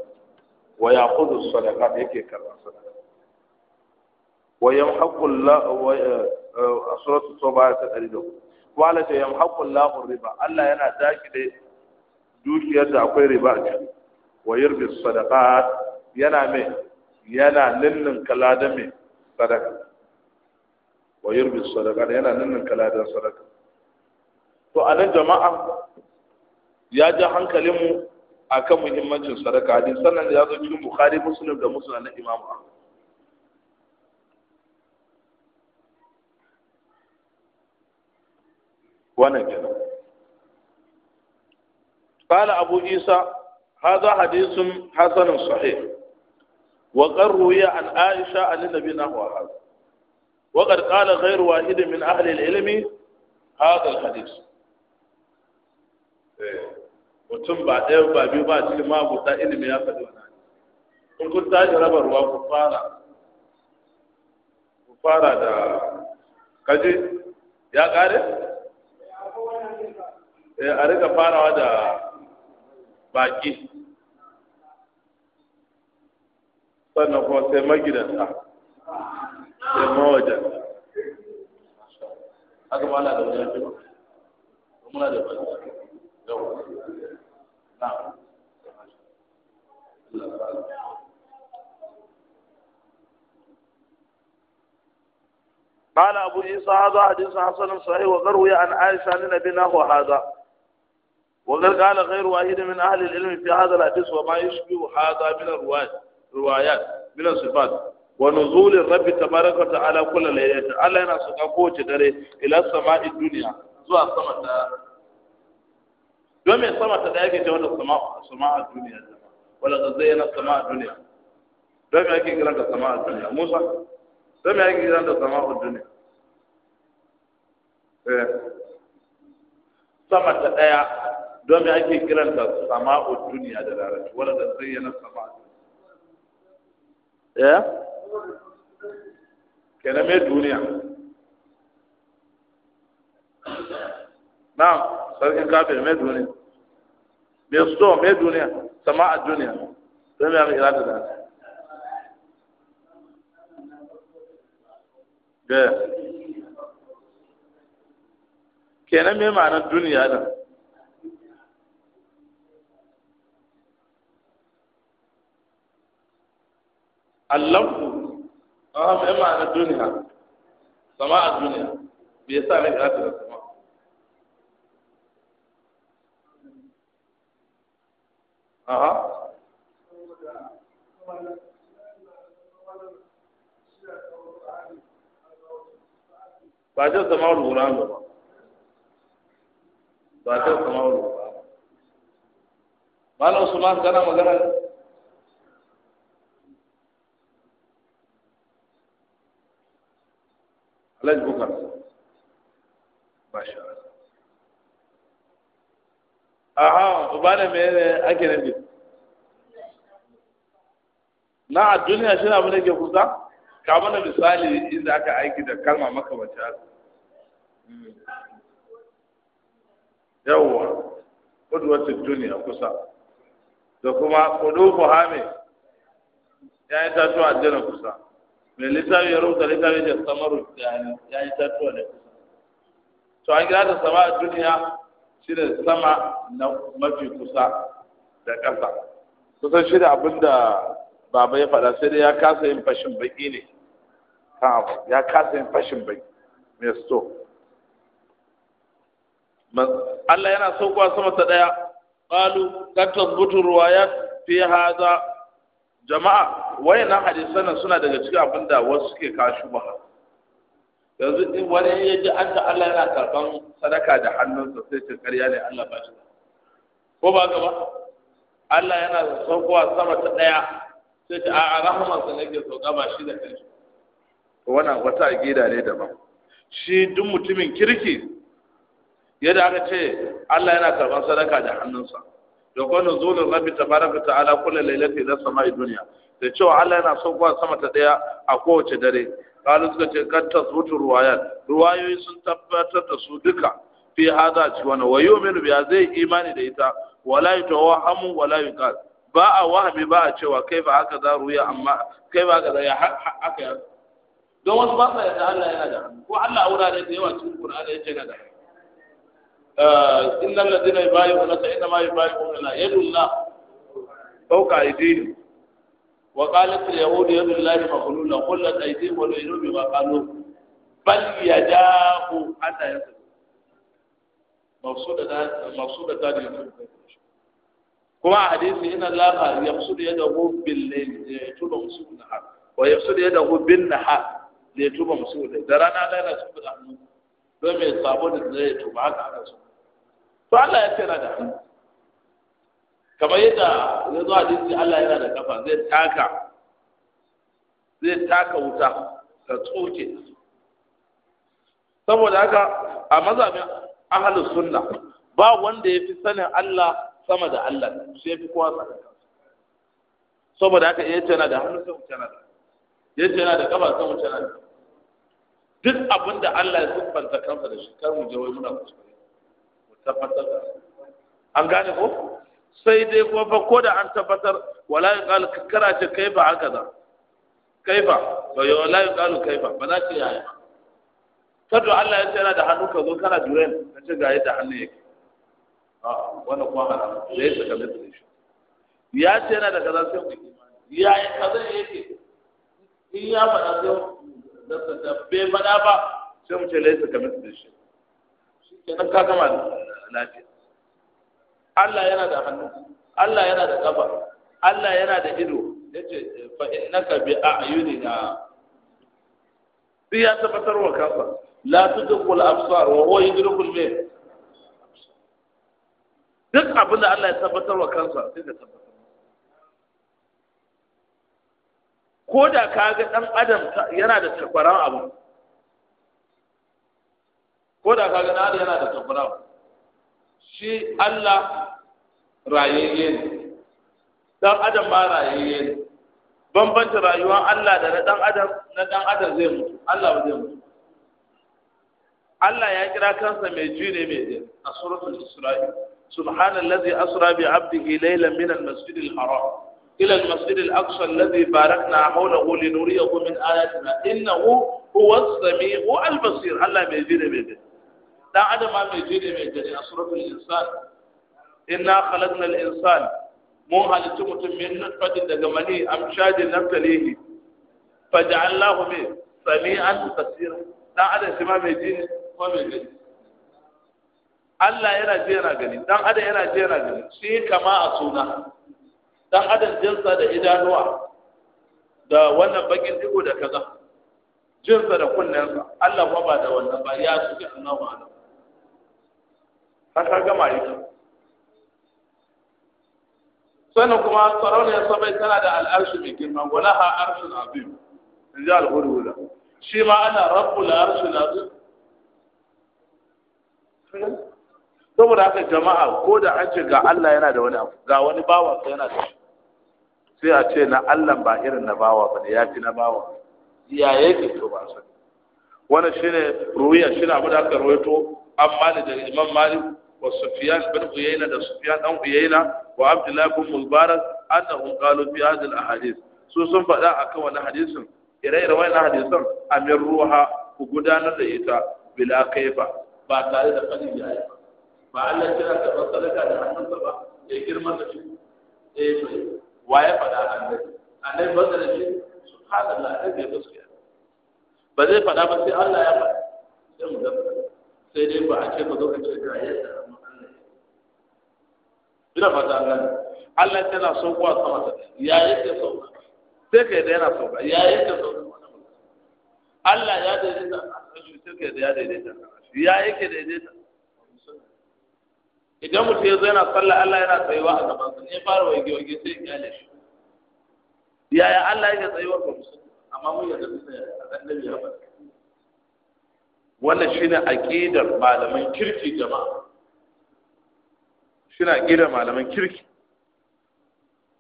wa yaqudu sadaqat yake karban sadaqa wa yamhaqu Allah eh, eh, suratu tawba ta 100 wa Allah ce yamhaqu Allah riba Allah yana da dukiyar da akwai riba a ciki wa yurbi sadaqat yana mai yana ninnin kala da wa yurbi sadaqat yana ninnin kala sadaqa sadaka to anan jama'a ya ji hankalinmu a kan muhimmancin sadaka hadin sannan da ya zo cikin bukhari muslim da musulun na imamu wannan kenan قال أبو عيسى هذا حديث حسن صحيح وقد روي عن عائشة عن النبي نحو هذا وقد قال غير واحد من أهل العلم هذا الحديث mutum ba ɗaya ba biyu ba cikin mabuta ilimi ya faɗi wani in kun tashi raba ruwa ku fara ku fara da kaji ya ƙare? Eh, a rika farawa da baki sannan kuma sai magidanta sai mawajen haka ba na da wani muna da baki قال أبو عيسى هذا حديث حسن صحيح وقروي عن عائشة عن النبي نحو هذا وقد قال غير واحد من أهل العلم في هذا الحديث وما يشبه هذا من الروايات روايات من الصفات ونزول الرب تبارك وتعالى كل ليلة الله ينصر قوة دره إلى السماء الدنيا زوا السماء Domin sama ta da yake ce wata sama a duniya wala ka yana sama a duniya domin me ake kiran da sama a duniya musa domin me ake kiran da sama a duniya eh. sama ta daya domin ake kiran da sama a duniya da larabci wala ka yana sama a duniya eh? kenan me duniya na'am سرکن کافر میں دنیا میں اس تو میں دنیا سماع الدنيا تو میں اگر الدنيا هذا گیا کہنا میں معنی دنیا دا اللہ اہم معنی سماع دنیا بیسا میں ارادہ Aha. Ba zai zama lura ba. Ba zai zama lura ba. Malam Usman kana magana Alhaji Bukar. Masha Allah. aha ubana me ake bi? na a duniya shi abin da ke kusa ka mana misali inda aka aiki da kalma makamacin haka yawwa kudwatin duniya kusa da kuma kudu hame ya yi tatuwa a jana kusa mai littafi ya rubuta littafi da samaru ya yi tatuwa ne kusa to an gina da sama a duniya shida sama na mafi kusa da ƙasa kusan shida abin da baba ya faɗa sai dai ya kasa yin fashin baki ne kan abu ya kasa yin fashin baki mai so Allah yana saukowa sama ta ɗaya ƙalu kan tasbutu ya fi haza jama'a wayannan hadisan suna daga cikin abin da wasu suke kawo shubha yanzu in wani ya ji an ta Allah yana karɓan sadaka da hannunsa sai ce karya ne Allah ba shi ko ba gaba Allah yana saukowa sama ta ɗaya, sai ce a rahamansa nake sauka ba shi da kai to wannan wata gida ne daban shi duk mutumin kirki yadda aka ce Allah yana karɓan sadaka da hannunsa da kuma nuzulul rabbi tabaraka ta'ala kullu lailatin ila sama'i dunya da cewa Allah yana saukowa sama ta ɗaya a kowace dare قالوا suka ce kan tasbutu ruwayat ruwayoyi sun tabbatar da su duka fi hada ci wani wa yu'minu biya zai imani da ita wala yatawahhamu wala yuqal ba a wahami ba a cewa kai ba haka za ruya amma kai ba haka haka ya don wasu ba yadda Allah yana da ko Allah aura da yawa cikin Qur'ani yace na da eh, innal ladina yubayyi'una ka inna ma yubayyi'una yadullah fawqa aydihim وقالت اليهود يد الله مغلولة قلت أيديهم ولعنوا بما قالوا بل يداه أنا يصل مقصودة مقصودة ثانية كما حديث إن الله يقصد يده بالليل ليتوب مسوء النهار ويقصد يده بالنهار ليتوب مسوء الليل ده رانا لا نسوب الأحمد دومي الصابون اللي يتوب عن أحد فالله يتنا ده kamar yadda ya zo hadisi Allah yana da kafa zai taka zai taka wuta ka tsoke saboda haka a mazhabin ahlus sunna ba wanda ya fi sanin Allah sama da Allah shi ya fi kowa sanin saboda haka ya ce yana da hannu sai wuce na da ya ce yana da kafa sai wuce na da duk abin da Allah ya siffanta kansa da shi kar mu je wai muna kuskure mu tabbatar da an gane ko sai dai kuma ba ko da an tabbatar wala yuqalu kara ce kaifa kai kaifa ba yo wala yuqalu kaifa ba za ta yaya kado Allah ya ce yana da hannu ka zo kana duren ka ce ga yadda hannu yake a ah, wannan kuma haram da yake kamar da shi ya ce yana da kaza sai ku ya yi kaza yake in ya faɗa sai da bai faɗa ba sai mu ce laisa kamar da shi shi kenan ka kama lafiya Allah yana da hannu Allah yana da kafa Allah yana da ido yace fa innaka bi a'yunina sai ya tabbatar wa kansa la tudrikul absar wa huwa yudrikul bayt duk abin da Allah ya tabbatar wa kansa sai ka tabbatar ko da ka ga ɗan adam yana da takwaran abu ko da ka ga ɗan adam yana da takwaran abu shi Allah rayayye ne dan adam ma rayayye ne bambanta rayuwar Allah da na dan adam na dan adam zai mutu Allah zai mutu Allah ya kira kansa mai jure mai jin a suratul Isra'i subhanallazi asra bi 'abdihi laylan min al-masjidil haram إلى المسجد الأقصى الذي باركنا حوله لنريه من آياتنا إنه هو Allah mai الله بيجينا بيجينا dan adam mai jini mai jini a suratul insan inna khalaqna al insan mun halittu mutum min nutfatin daga mani amshajin naftalihi faj'alnahu min sami'an basira dan adam shi ma mai jini ko mai jini Allah yana ji yana gani dan adam yana ji yana gani shi kama a suna dan adam jinsa da idanuwa da wannan bakin digo da kaza jinsa da kunnensa Allah kuma ba da wannan ba ya suke Allahu a'lam kasar gama yake sannan kuma sarauniyar sabai tana da al'arshi mai girma wala ha na azim in ji al'urula shi ma ana rabu al'arshin azim saboda haka jama'a ko da an ce ga Allah yana da wani abu ga wani bawa sai yana da sai a ce na Allah ba irin na bawa ba ne ya fi na bawa ya yake to ba sai wannan shine ruwiya shine abu da aka rawaito amma da imam Malik wa Sufyan bin Uyayna da Sufyan dan Uyayna wa Abdullah bin Mubarak annahum qalu fi hadhihi su sun faɗa akan wannan hadisin ire-ire wannan hadisin amir ruha ku gudanar da ita bila kaifa ba tare da fadi ya yi ba Allah kira ka ba sadaka da hannunsa ba ya girma da shi eh wa ya faɗa annabi annabi ba da shi subhanallah annabi ya gaskiya ba zai faɗa ba sai Allah ya faɗa sai mu ga sai dai ba a ce ba zo ka ce yadda ina fata an gane Allah yana saukowa sama ta ya yake sauka sai kai da yana sauka ya yake sauka Allah ya daidaita sai kai da ya daidaita ya yake daidaita idan mutum zo yana sallah Allah yana tsayuwa a gaban sa ne fara waige waige sai ya kyale shi yaya Allah yake tsayuwa ga musulmi amma mun yarda bisa annabi ya faɗa wannan shine aqidar malaman kirki jama'a shina kira malaman kirki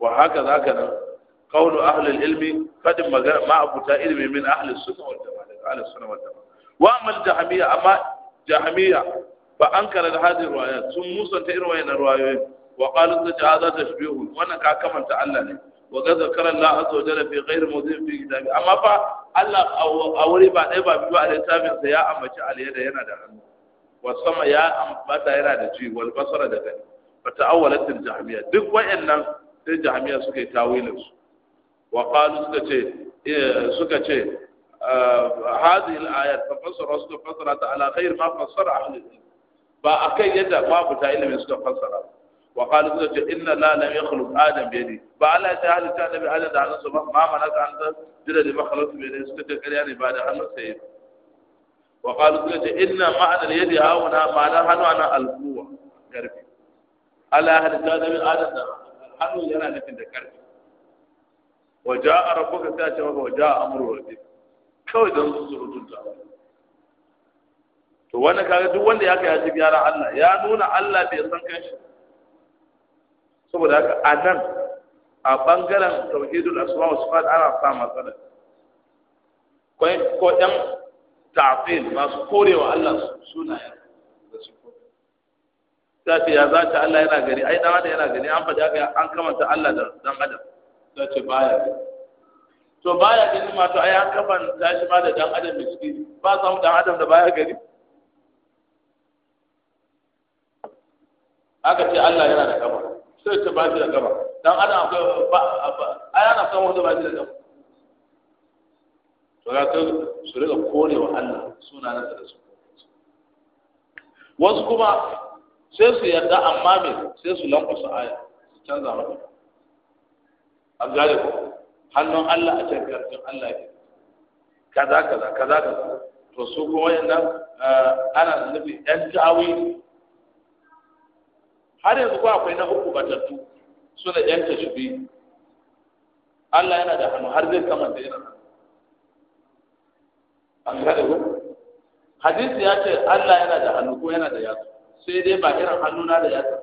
wa haka zaka nan qawlu ahli ilmi kadin magana ma abuta ilmi min ahli suna wata jamaa wa amal jahmiya amma ba an ankara da hadin riwaya sun musanta irin wayannan riwayoyi wa qalu ta hadha tashbihu wannan ka kamanta Allah ne wa ga zakara Allah azza wa jalla fi ghairi mawdhi'in fi kitabi amma fa Allah a wuri ba dai ba biyu a littafin sa ya ambaci aliyada yana da hannu wa sama ya ambata yana da ji wal basara da gani فتأولت الجهمية دق وإن لم الجهمية سكي تاويلس وقالوا سكتي سكتي آه، هذه الآية فقصر رسول فصرة على خير ما فسر أهل الدين فأكي يدا ما بتا إلا من سكت فصرة وقال سكتي إن لا لم يخلق آدم بيدي فعلى أهل تعلم آدم دعنا سبق ما منك عنده جدا لما خلص بيدي سكتي قريان إبادة أنه سيد وقالوا سكتي إن معنى اليد هاونا معنى هنوانا القوة قريبين ala halitta da min adam da hannu yana nufin da karfi wa ja'a rabbuka sai a ce maka wa ja'a amru rabbika kawai don su surutun ta to wannan kaga duk wanda ya kai ya ci gyara Allah ya nuna Allah bai san kanshi saboda haka a nan a bangaren tauhidul asma wa sifat ana sa matsala ko ko dan ta'til masu korewa Allah sunayen ta ce ya zata Allah yana gari ai dawa da yana gari an faɗi aka an kamanta Allah da dan adam ta ce baya to baya din ma to ai an kamanta shi ma da dan adam shi ba samu dan adam da baya gari aka ce Allah yana da kafa sai ce ba shi da kafa dan adam akwai ba ai ana son wanda ba shi da kafa to ga su riga wa Allah sunanan da su wasu kuma sai su yarda amma me sai su lankwasa aya su canza mata a gane ku hannun Allah a can karfin Allah ke. kaza kaza kaza kaza to su kuma wayannan eh, ana nufin yan ta'awi har yanzu ko akwai na uku batattu suna yan tashbi Allah yana da hannu har zai kama da yana an gane ku hadisi ya ce Allah yana da hannu ko yana da yatsu sai dai ba irin hannuna da yatsa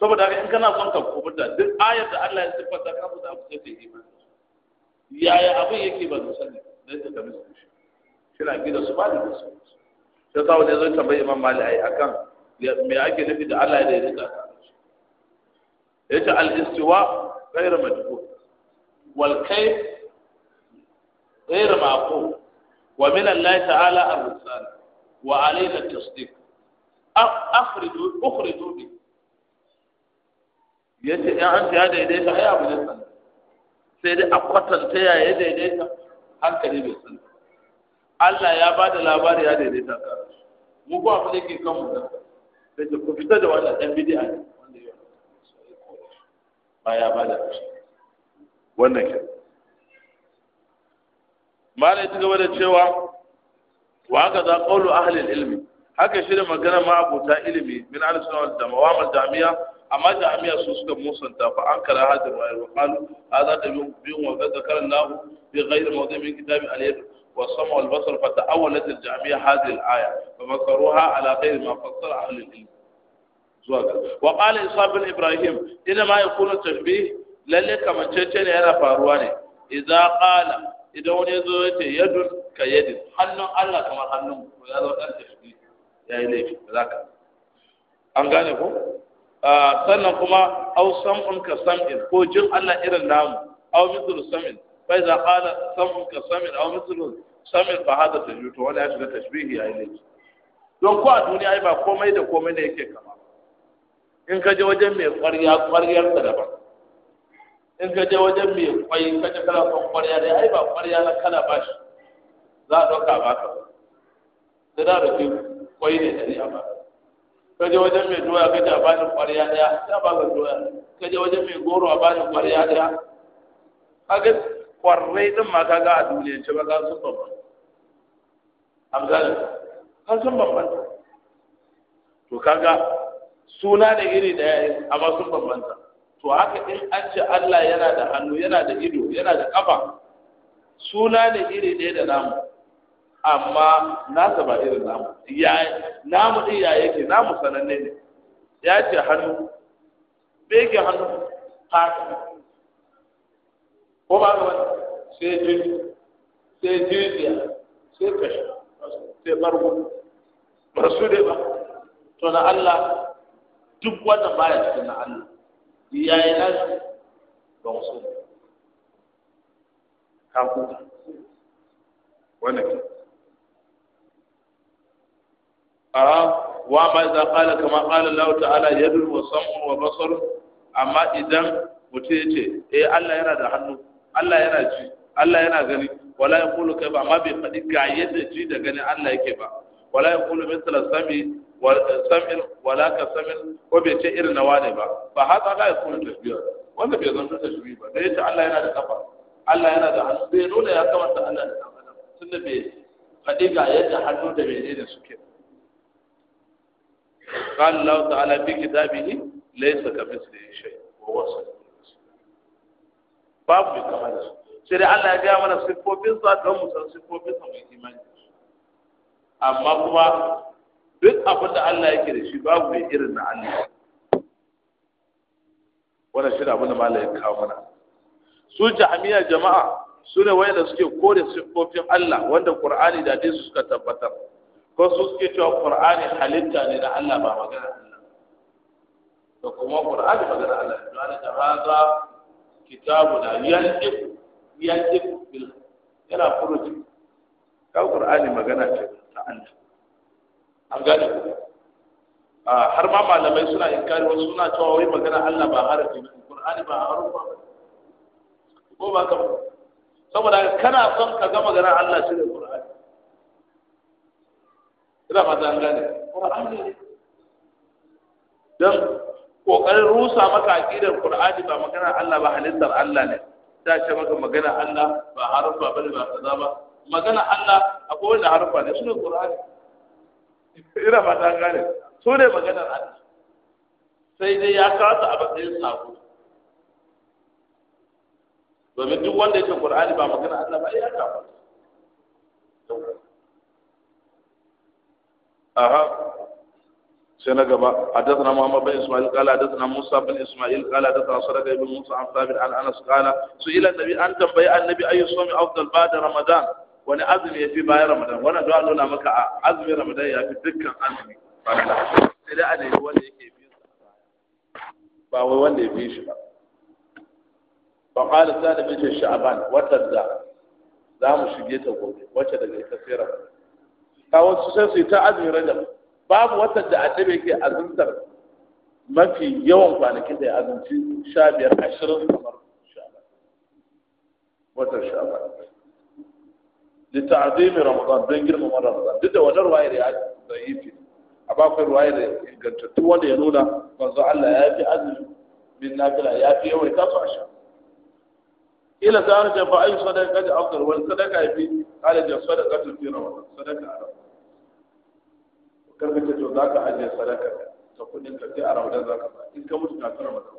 saboda haka in kana son ka kubuta duk ayar da Allah ya siffata ka mu da abu sai kai yaya abin yake ba su sani dan ka tabi shi. kira gida su ba da su sai sa wani zai tambayi imam mali ai akan me ake nufi da Allah ya rika yace al-istiwa ghayr majhul wal kayf ghayr ma'qul wa min Allah ta'ala ar-risala wa alayna tasdiq akhriju ukhriju bi yace ta ya ya daidaita hankali bai Allah ya ba da labari ya daidaita ka mu ke kan sai ce ku fita da wannan ɗan ne wanda ya ba ya ba da wannan ke ta gaba cewa wa ga za ƙaunar ahalin ilmi haka shi da magana ma abota ilimi min ahli sunna wal jamaa wa jami'a amma jami'a su suka musanta fa an kara hadir wa ayu qalu Za tabi'un biyun wa qad zakarnahu bi ghayri mawdi' min kitabi al yad wa sama wal basar fa ta'awalat al jami'a hadhihi al aya fa makaruha ala ghayri ma fassara ahli al ilm zuwa ga wa qala isab al ibrahim inna ma yakunu tashbih lalle kamancece ne yana faruwa ne idza qala idan wani ya zo ya ce yadun ka yadin hannun Allah kamar hannun ya zo dan tashbih ya yi laifi ba za ka an gane ko sannan kuma au sam'un ka sam'in ko jin Allah irin namu au mithlu sam'in fa idza qala sam'un ka sam'in au mithlu sam'in fa hada ta juto wala ya shiga tashbihi ya yi laifi don ko a duniya ai ba komai da komai ne yake kama in ka je wajen mai ƙwarya ƙwaryar da daban in ka je wajen mai kwai ka je kana son ƙwarya dai ai ba ƙwarya na kana bashi za a ɗauka ba ka ba da da rufe kwai ne dari a ba ka je wajen mai doya ka je a bani kwarya daya ya ba ka doya ka je wajen mai goro a bani kwarya daya kaga kwarrai din ma kaga a duniya ce ba ka sun babban amsalin ka sun babban to kaga suna da iri daya amma sun bambanta to haka in an ce Allah yana da hannu yana da ido yana da kafa suna da iri ɗaya da namu amma nasa ba irin namu ya namu din ya yake namu sananne ne ya ce hannu ke hannu ha ko ba wani sai jin sai jijiya sai kashi sai bargo ba su ne ba to na Allah duk wanda baya cikin na Allah ya na shi ba wasu ka kuka wannan wa ma idza qala kama qala Allah ta'ala yadu wa sam'u wa basar amma idan mutum yace eh Allah yana da hannu Allah yana ji Allah yana gani wala yaqulu kai ba amma bai fadi ga yadda ji da gani Allah yake ba wala yaqulu mithla sami wa sami wala ka sam'in ko bai ce irin nawa ne ba fa hada ga yaqulu tashbih wanda bai zanta tashbih ba dai ta Allah yana da kafa Allah yana da hannu bai nuna ya kamata Allah da kafa tunda bai fadi ga yadda hannu da menene suke ba قال الله تعالى في كتابه ليس كمثله شيء وهو السميع babu mai kama da su sai dai Allah ya gaya mana siffofinsa don mu san amma kuma duk abin da Allah yake da shi babu mai irin na Allah wannan shi da abin da ya kawo mana su jami'a jama'a su ne da suke kore siffofin Allah wanda Qur'ani da hadisi suka tabbatar ko su suke cewa qur'ani halitta ne da Allah ba magana Allah to kuma qur'ani magana Allah to ana da hada kitabu da yantiq yantiq bil yana furuci ka qur'ani magana ce ta Allah an gane ku har ma malamai suna inkari wasu suna cewa wai magana Allah ba harafi ne qur'ani ba harufa ko ba ka saboda kana son ka ga magana Allah shi ne qur'ani ina maza an gane qur'ani ne Don ƙoƙarin rusa maka aƙidar ƙur'ani ba magana Allah ba halittar Allah ne ta ce maka magana Allah ba ba bane ba kaza ba magana Allah akwai wanda harufa ne ne ƙur'ani ina maza an gane so ne maganar Allah sai dai ya kasa a matsayin sako domin duk wanda ya ce ƙur'ani ba magana Allah ba ya kafa aha sai na gaba na muhammad bin isma'il qala na musa bin isma'il qala na sadaqa ibn musa an sabir an anas qala su ila annabi an tambayi annabi ayu sawmi afdal ba'da ramadan wani azumi ya fi bayan ramadan wannan da nuna maka a azumi ramadan ya fi dukkan azumi sai da ana yi wanda yake bi ba wai wanda ya fi shi ba fa qala sa'd bin sha'ban watan da za mu shige ta gobe wacce daga ita sai kawo su sai su yi ta azumin rajab babu watan da annabi ke azumtar mafi yawan kwanaki da ya azumci sha biyar ashirin kamar da ta sha'ban ramadan don girma mara ramadan duk da wani ruwayar ya fi a bakwai ruwayar ingantattu wanda ya nuna banzu Allah ya fi azumi min nafila ya fi yawai ta su asha ila zarja fa ay da afdal wal sadaqa fi qala ja sadaqatu fi ramadan sadaqa karka ce to za ka ajiye sadaka ta kudin ka sai a rauda za ka in ka mutu kafin ramadan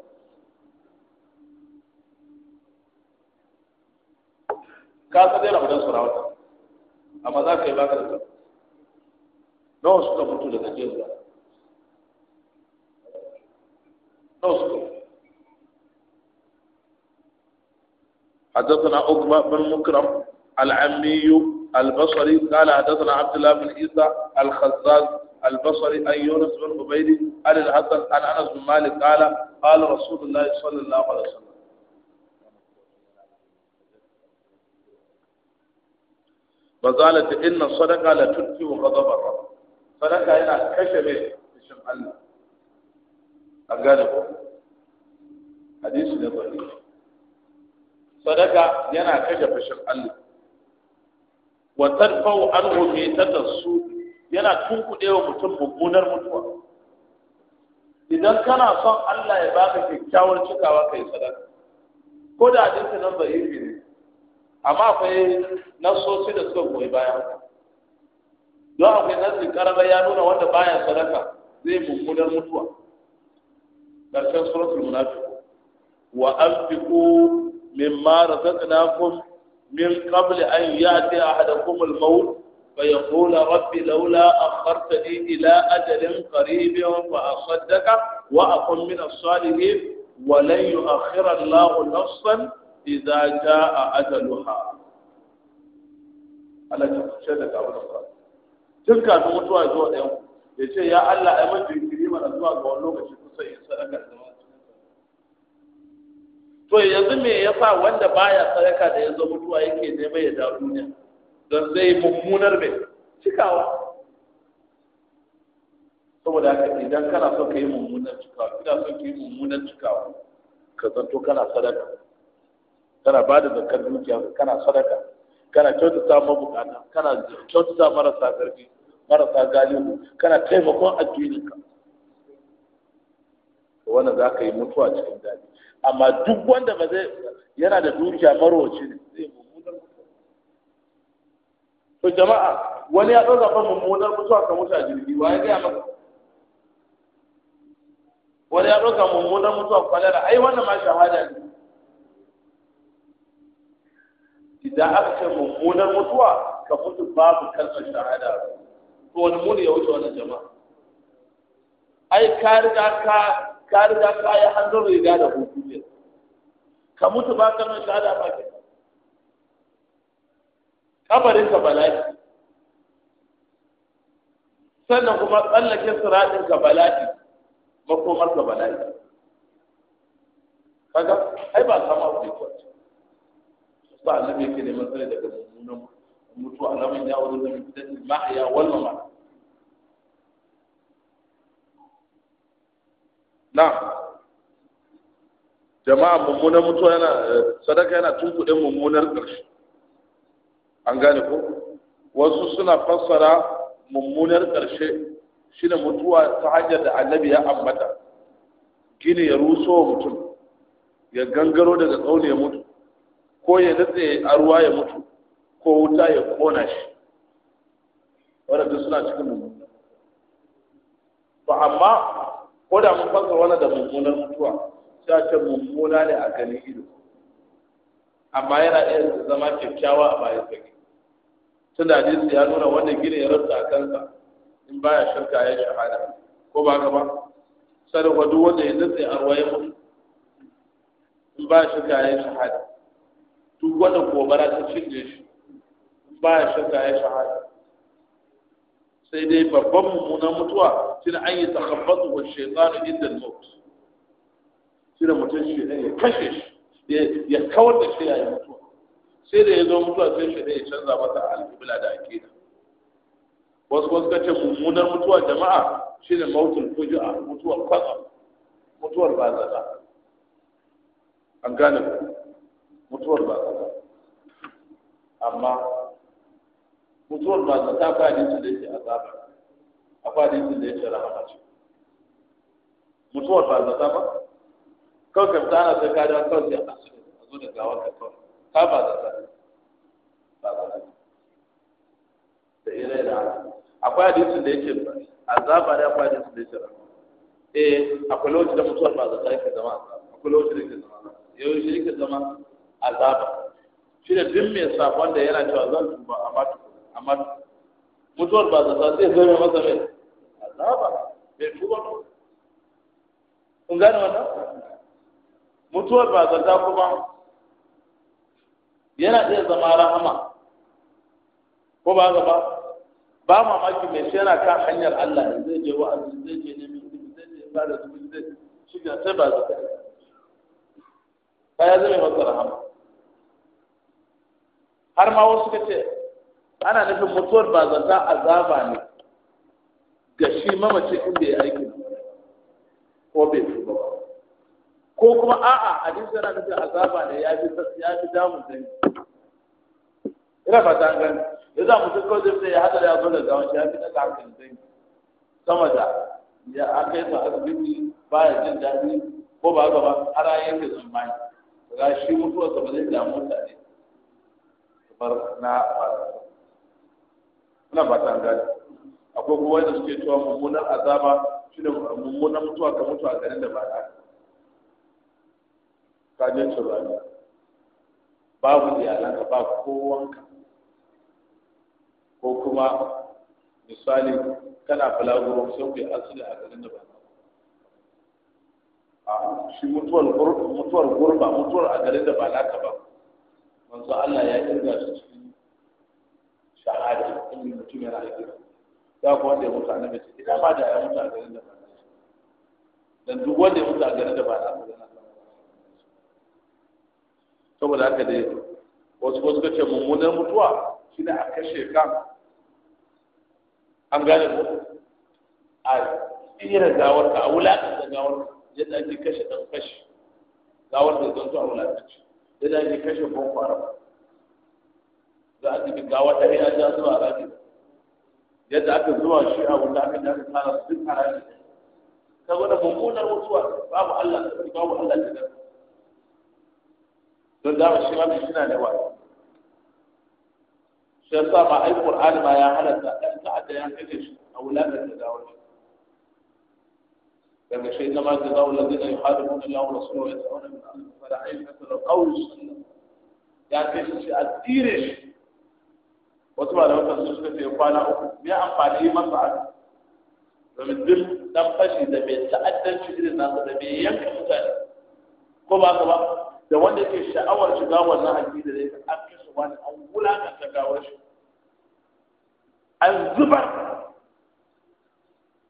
ka san dai ramadan su rawata amma za ka yi baka da nawa suka mutu daga jeruwa nawa suka mutu حدثنا عقبة بن مكرم العمي البصري قال حدثنا عبد الله بن عيسى الخزاز البصري أن يونس بن عبيد عن الحسن عن أنس بن مالك قال قال رسول الله صلى الله عليه وسلم وقالت إن الصدقة لتنفي غضب الرب صدقة إلى كشف بشم الله أقاربه حديث نظري صدقة إلى كشف بشم الله وترفع عنه ميتة السوء yana tunkuɗe wa mutum mummunar mutuwa idan kana son Allah ya baka kyakkyawar cikawa kai sadaka ko da hadisi nan bai yi ne amma akwai nasoci da suka goyi baya don akwai nasi karaba ya nuna wanda baya sadaka zai mummunar mutuwa ƙarshen suratul munafiqun wa anfiqu mimma razaqnakum min qabli an ya'ti ahadakum al-maut فيقول رب لولا أخرتني إلى أجل قريب فأصدق وأكن من الصالحين ولن يؤخر الله نفسا إذا جاء أجلها Allah ta kuce da tun kafin mutuwa zuwa ɗayan ya ce ya Allah ai mun jinkiri mana zuwa ga wani lokaci kusa in sadaka da to yanzu me yasa wanda baya sadaka da yanzu mutuwa yake neman ya dawo duniya don zai mummunar mai cikawa saboda haka idan kana so ka yi mummunar cikawa kina so ka yi mummunar cikawa ka zanto kana sadaka kana ba da zakar dukiya kana sadaka kana kyautata mabukata kana kyautata marasa ƙarfi marasa galihu kana taimakon addininka wannan za ka yi mutuwa cikin daɗi amma duk wanda ba zai yana da dukiya marowaci ne zai mu to jama'a wani ya ɗauka ban mummunar mutuwa ka mutu a jirgi wa ya gaya maka wani ya ɗauka mummunar mutuwa kwalera ai wannan ma shahada ne idan aka ce mummunar mutuwa ka mutu babu kalmar shahada to wani muni ya wuce wannan jama'a ai ka riga ka ka riga ka yi hannun riga da hutu ne ka mutu ba kalmar shahada ba ke kabarinka bala'i sannan kuma tsallake siratinka bala'i makomarka bala'i kaga ai ba sama ku kwanci. ba annabi yake ne tsare daga mummunan mutu a alamin ya wurin da mutum ya wal na jama'a mummunan mutuwa yana eh, sadaka yana tunkuɗin mummunar ƙarshe an gane ko wasu suna fassara mummunar ƙarshe shine mutuwa ta hanyar da annabi ya ambata gini ya ruso mutum ya gangaro daga tsauni ya mutu ko ya datse a ruwa ya mutu ko wuta ya kona shi wadanda suna cikin mummunar to amma ko da mun fasa wani da mummunar mutuwa sai a ce mummuna ne a ganin ido amma yana iya zama kyakkyawa a bayan sake tunda hadisi ya nuna wanda gina ya rasa a kansa in baya shirka ya shahada ko ba ka ba Sani wa duk wanda ya nutse a ruwa ya mutu in baya shirka ya shahada duk wanda gobara ta cinye shi in baya shirka ya shahada sai dai babban mummunan mutuwa shi an yi takabbatu wa shaitanu inda al shi da mutum shi ya kashe shi ya kawar da shi ya yi mutuwa sai da ya zo mutuwa sai shi ne ya canza masa alƙibla da da wasu wasu kace mummunar mutuwa jama'a shi shine mautul a mutuwar kwatsa mutuwar bazata an gane ku mutuwar bazata amma mutuwar bazata ba ne da yake azaba akwai su da yake rahama ce mutuwar bazata ba kawai ka ana sai ka kawai sai a zo da gawar ka kawai ba ba zata ba ba zata da ire da akwai hadisin da yake azaba da akwai hadisin da yake rahama eh akwai lokacin da mutuwar ba zata yake zama akwai lokacin da yake zama yau shi yake zama azaba shi da duk mai sabon da yana cewa zan ba zata zai zama wannan mutuwar ba zata kuma yana iya zama rahama ko ba gaba ba mamaki mai shi yana kan hanyar Allah ne zai je wa'azi zai je neman ilimi zai je ba da zubi zai shi ga sai ba zaka ya zama masa rahama har ma wasu kace ana nufin mutuwar ba zata azaba ne ga shi mamacin inda ya aiki ko bai fi ba ko kuma a'a hadisi yana nufin azaba ne ya fi ya fi damun sai ina fata gan ya za mu tuko zai ya hada ya zo da shi ya fi daga hankali sai sama da ya yi sa asibiti ya jin daɗi ko ba haka ba har ayi ke tsammani ga shi mutuwa sa ba zai damu mutane bar na fara ina fata gan akwai kuma wanda suke cewa mummunan azaba shi ne mummunan mutuwa ka mutuwa a garin da ba ta ka tsoro turani babu ka ba wanka, ko kuma misali kana balaguro sai ku asali a garin da ba a shi mutuwar gurba mutuwar a garin da ba naka ba manzo Allah ya kirga su cikin shahada in mutum yana aiki da ko wanda ya mutu annabi ina ba da ya mutu a garin da ba dan duk wanda ya mutu a garin da ba naka ba saboda haka dai wasu wasu kace mummunan mummunar mutuwa shi ne a kashe kan an gane ko a tsira gawar ka a wulaƙanta gawar yadda ake kashe ɗan kashe gawar da zan zuwa wulaƙanci yadda ake kashe ban fara za a tafi gawar da ya a ja zuwa rafi yadda aka zuwa shi a wuta aka ja tsara su duk a rafi saboda mummunar mutuwa babu Allah babu Allah ta gaba don da shi ma fitina ne wa shi ya sa ma ai qur'ani ma ya halatta dan ta'adda ya kace shi a wulatar da dawo daga shi zama da zawo lazina yuhadibuna Allah wa rasulahu wa yasawuna min amri fala ayyatu al-qawl ya kace shi a tsire shi wasu ba da wata su suka ce kwana uku ya amfani masa a domin duk dan fashi da mai ta'addanci irin nasa da mai yanka mutane ko ba ka ba da wanda ke sha'awar shiga wannan aƙida da yake an kashe wani an ga tagawar shi an zubar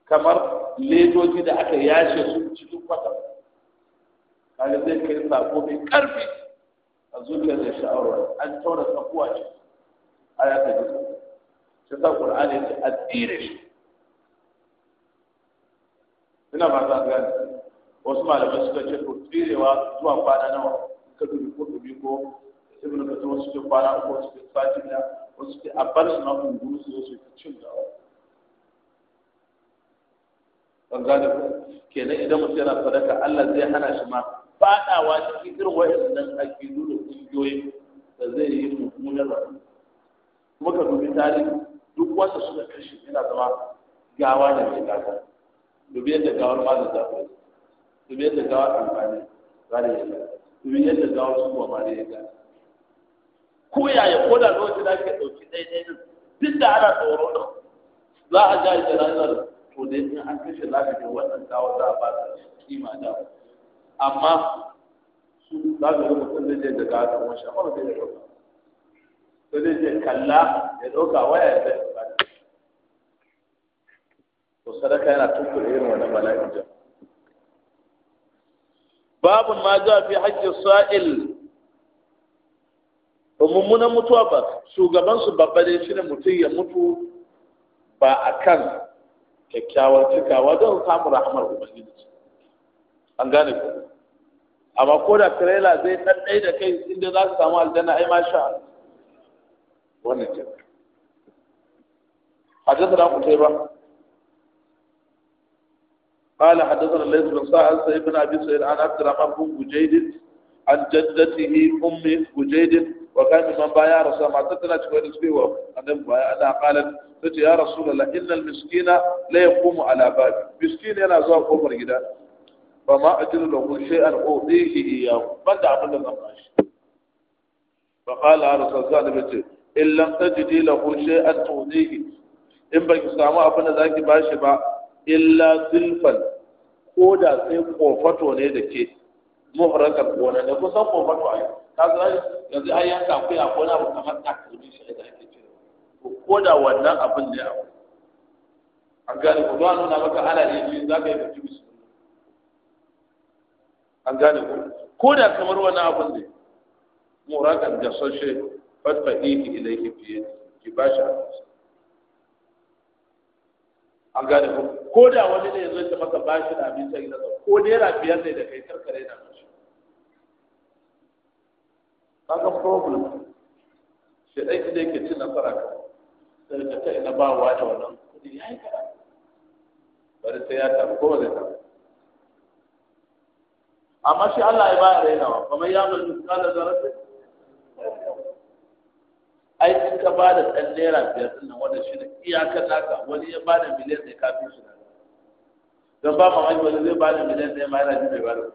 kamar ledoji da aka yashe su cikin kwata kalin zai kai sako mai karfi a zuciyar da sha'awar an taura tsakuwa ce a ya ta jisa shi sa ƙur'ani ce a tsire shi ina ba za gane wasu malamai suka ce to tsirewa zuwa kwana nawa ka dubi ko dubi ko ibn kasu wasu ke kwana uku wasu ke sati da wasu ke abbar su na ungulu su su cin gawa ban gane ku kenan idan mutum yana sadaka Allah zai hana shi ma fadawa cikin irin wa'annan akidu da ƙungiyoyi da zai yi mummunar rabu kuma ka dubi tarihi duk wanda suka kashe yana zama gawa da mai gata dubi yadda gawar ma da zafi domin yadda gawa amfani za da yaga domin yadda gawa su kuwa ma da yaga ko yaya ko da lokacin da ake ɗauki ɗaiɗai nan duk da ana tsoro nan za a ja jana'izar to da in an kashe za ka ga wannan gawa za a ba ta kima da amma su za ka ga mutum zai je da gawa ta wani shafar zai ɗauka sai zai je kalla ya ɗauka waya ya zai ɗauka to sadaka yana tukure irin wannan bala'in jama'a babu ma ja fi haƙƙin sa'il mummunan mutuwa ba shugabansu babba dai shi ne mutum ya mutu ba a kan kyakkyawar cikawa don samun rahamar ubangiji an gane ku amma ko da tirela zai ɗan ɗai da kai inda za su samu aljanna ai ma sha wannan A ke حدثنا قتيبة قال حدثنا الليث بن سعد بن ابي سعيد عن عبد الرحمن بن بجيد عن جدته ام بجيد وكان من بايع رسول الله تتنا تقول اسبيوا ان بايع انا قالت تتي يا رسول الله ان المسكين لا يقوم على بابي مسكين yana zuwa kofar gida ba ma ajiru lahu shay'an udihi iyahu banda abin da zan bashi fa qala rasul sallallahu alaihi in lam tajidi lahu shay'an tudihi in baki samu abin da zaki bashi ba illa zulfan ko da sai kofato ne da ke muhrakar gona da kusan kofato ai ka ga yanzu ai yanka akwai akwai na abu kamar takalmi shi da ake ce ko da wannan abin ne abu an gane ku ba nuna maka ana ne yi za ka yi baki bisu an gane ku ko da kamar wani abin ne muhrakar gasashe fatfadi ilaihi fiye ki ba shi an gane ko ko da wani ne yanzu ya maka bashi da abinci a gidansa ko naira biyar ne da kai karkare na mashi kaga problem sai dai kida ke cin nasara ka sai ka ta ina ba wa da wannan kudi yayi kada bari sai ya ta, ko zai ta. amma shi Allah ya ba ya rainawa kamar ya mulki kala zarafi ai in ka ba da ɗan naira biyar ɗin nan wanda shi ne iyakar naka wani ya ba da miliyan ɗaya kafin shi nan don ba mamaki wani zai ba da miliyan ɗaya ma yana ji bai ba da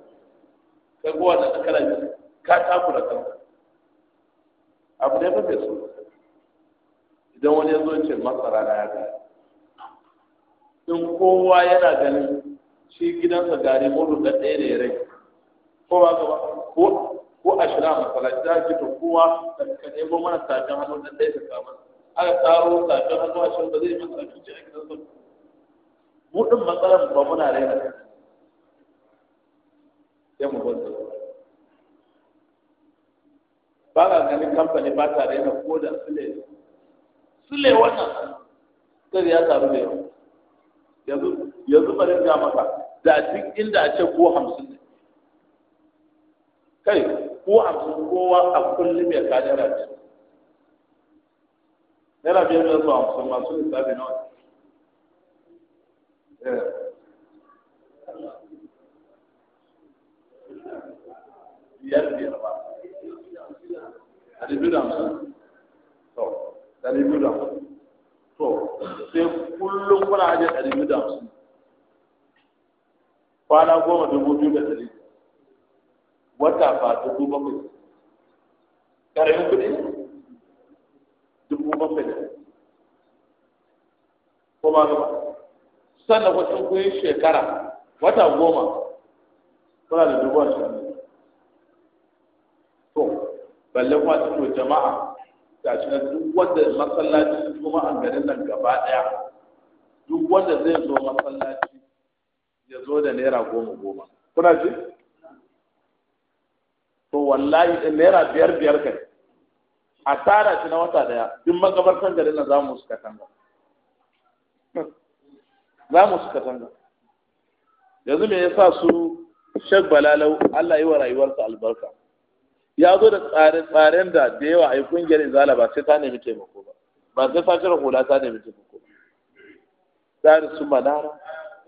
kai ko wannan kana ji ka takura kanka abu ne mafi so idan wani ya zo ce masara na ya kai in kowa yana ganin shi gidansa gari mudu da ɗaya ne ya rai ko ba ka ba ko ko a shira masallaci ta, ji ta kowa ka nemo mana safin hannu nan ɗaya ka kama aka tsaro safin hannu a shirin da zai masa abinci a gidan sa mu din matsalar ba muna raina sai mu bar ba ka ganin kamfani ba ta raina ko da sule sule wannan sai ya taru da yau yanzu yanzu zai ga maka da duk inda a ce ko hamsin ne kai ko hamsin kowa a kullum ya ka naira biyar naira biyar da zuwa hamsin masu lissafi nawa eh. biyar biyar ba ɗari biyu da hamsin to ɗari biyu da hamsin to sai kullum kuna ajiye ɗari biyu da hamsin kwana goma dubu biyu da ɗari wata ba dubu kare ƙaramin kuɗi dubu bakwai da ko ba gaba sannan wasu kuyi shekara wata goma kuna da dubu ashirin to balle kuma cikin jama'a ga shi duk wanda masallaci kuma an garin nan gaba daya, duk wanda zai zo masallaci ya zo da naira goma goma kuna ji to wallahi eh, naira biyar biyar kai a tara shi na wata daya duk makabartan garin na za mu suka tanga. za mu suka tanga. yanzu me yasa su shek balalau Allah yi wa rayuwarsa albarka ya zo da tsare-tsaren da da yawa a yi kungiyar izala ba sai ta nemi taimako ba ba sai ta cire hula ta nemi taimako ba tsarin su manara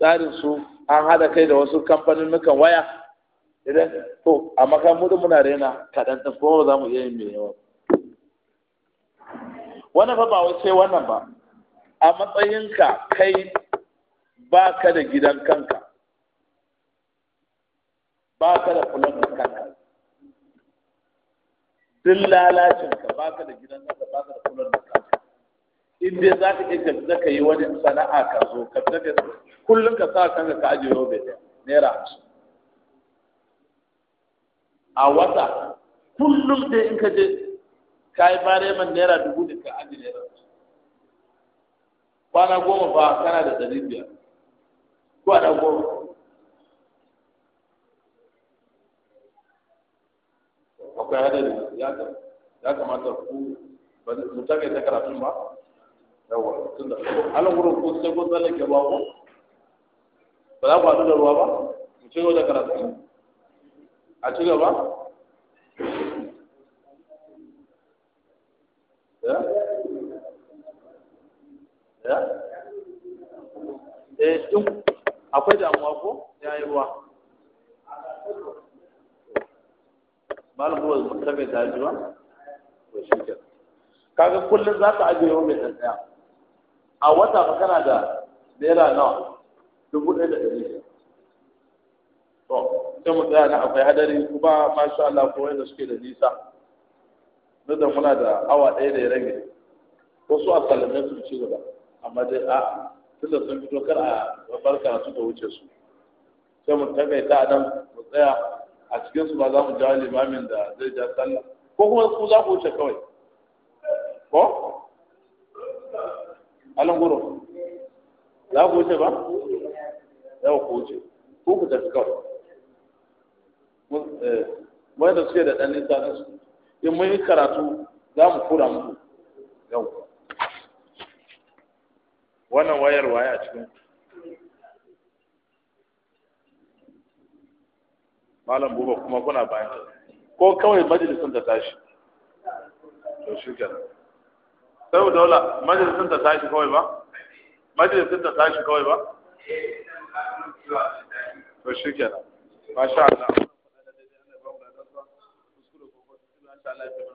tsarin su an haɗa kai da wasu kamfanin nukan waya idan to a makan mu muna rena kaɗan ɗin kuma za mu iya yin mai yawa wani fa ba wai sai wannan ba a matsayinka kai ba ka da gidan kanka ba ka da kulan kanka duk lalacinka ba ka da gidan kanka ba ka da kulan kanka in dai za ka iya gabza ka yi wani sana'a ka zo ka fita kullum ka sa kanka ka ajiye yau bai naira hamsin a wata kullum da in ka je ka yi bare man naira dubu da ka aji naira kwana goma ba kana da ɗari biyar kwana goma akwai hadari ya kamata ku mu take ta karatun ba yawa tun da halin wurin ko sai ko tsallake ba ko ba za ku haɗu da ruwa ba mu ce yau da karatun a ci gaba ya ya eh din akwai damuwa ko ya yi ruwa malam ruwa mun tabe ta ji ba to shi ke kaga kullun za ka ajiye yau mai tsantsaya. a wata fa kana da naira nawa dubu ɗaya da ɗari sai mu tsaya na akwai hadari kuma masha Allah ko wanda suke da nisa duk da muna da awa ɗaya da ya rage ko su a sallame su ci gaba amma dai a da sun fito kar a babbar karatu da wuce su sai mu ta nan mu tsaya a cikin su ba za mu jawo limamin da zai ja sallah ko kuma su za ku wuce kawai ko alan guru za ku wuce ba yau ku wuce ku ku tafi kawai Eh, da suke da ɗan nisa da su in mun yi karatu za mu kura mu yau wannan wayar waya a cikin malam buba kuma kuna bayan ko kawai majalisun ta tashi to shi kenan sai da wala majalisun ta tashi kawai ba majalisun ta tashi kawai ba to shi kenan masha Allah Allah ya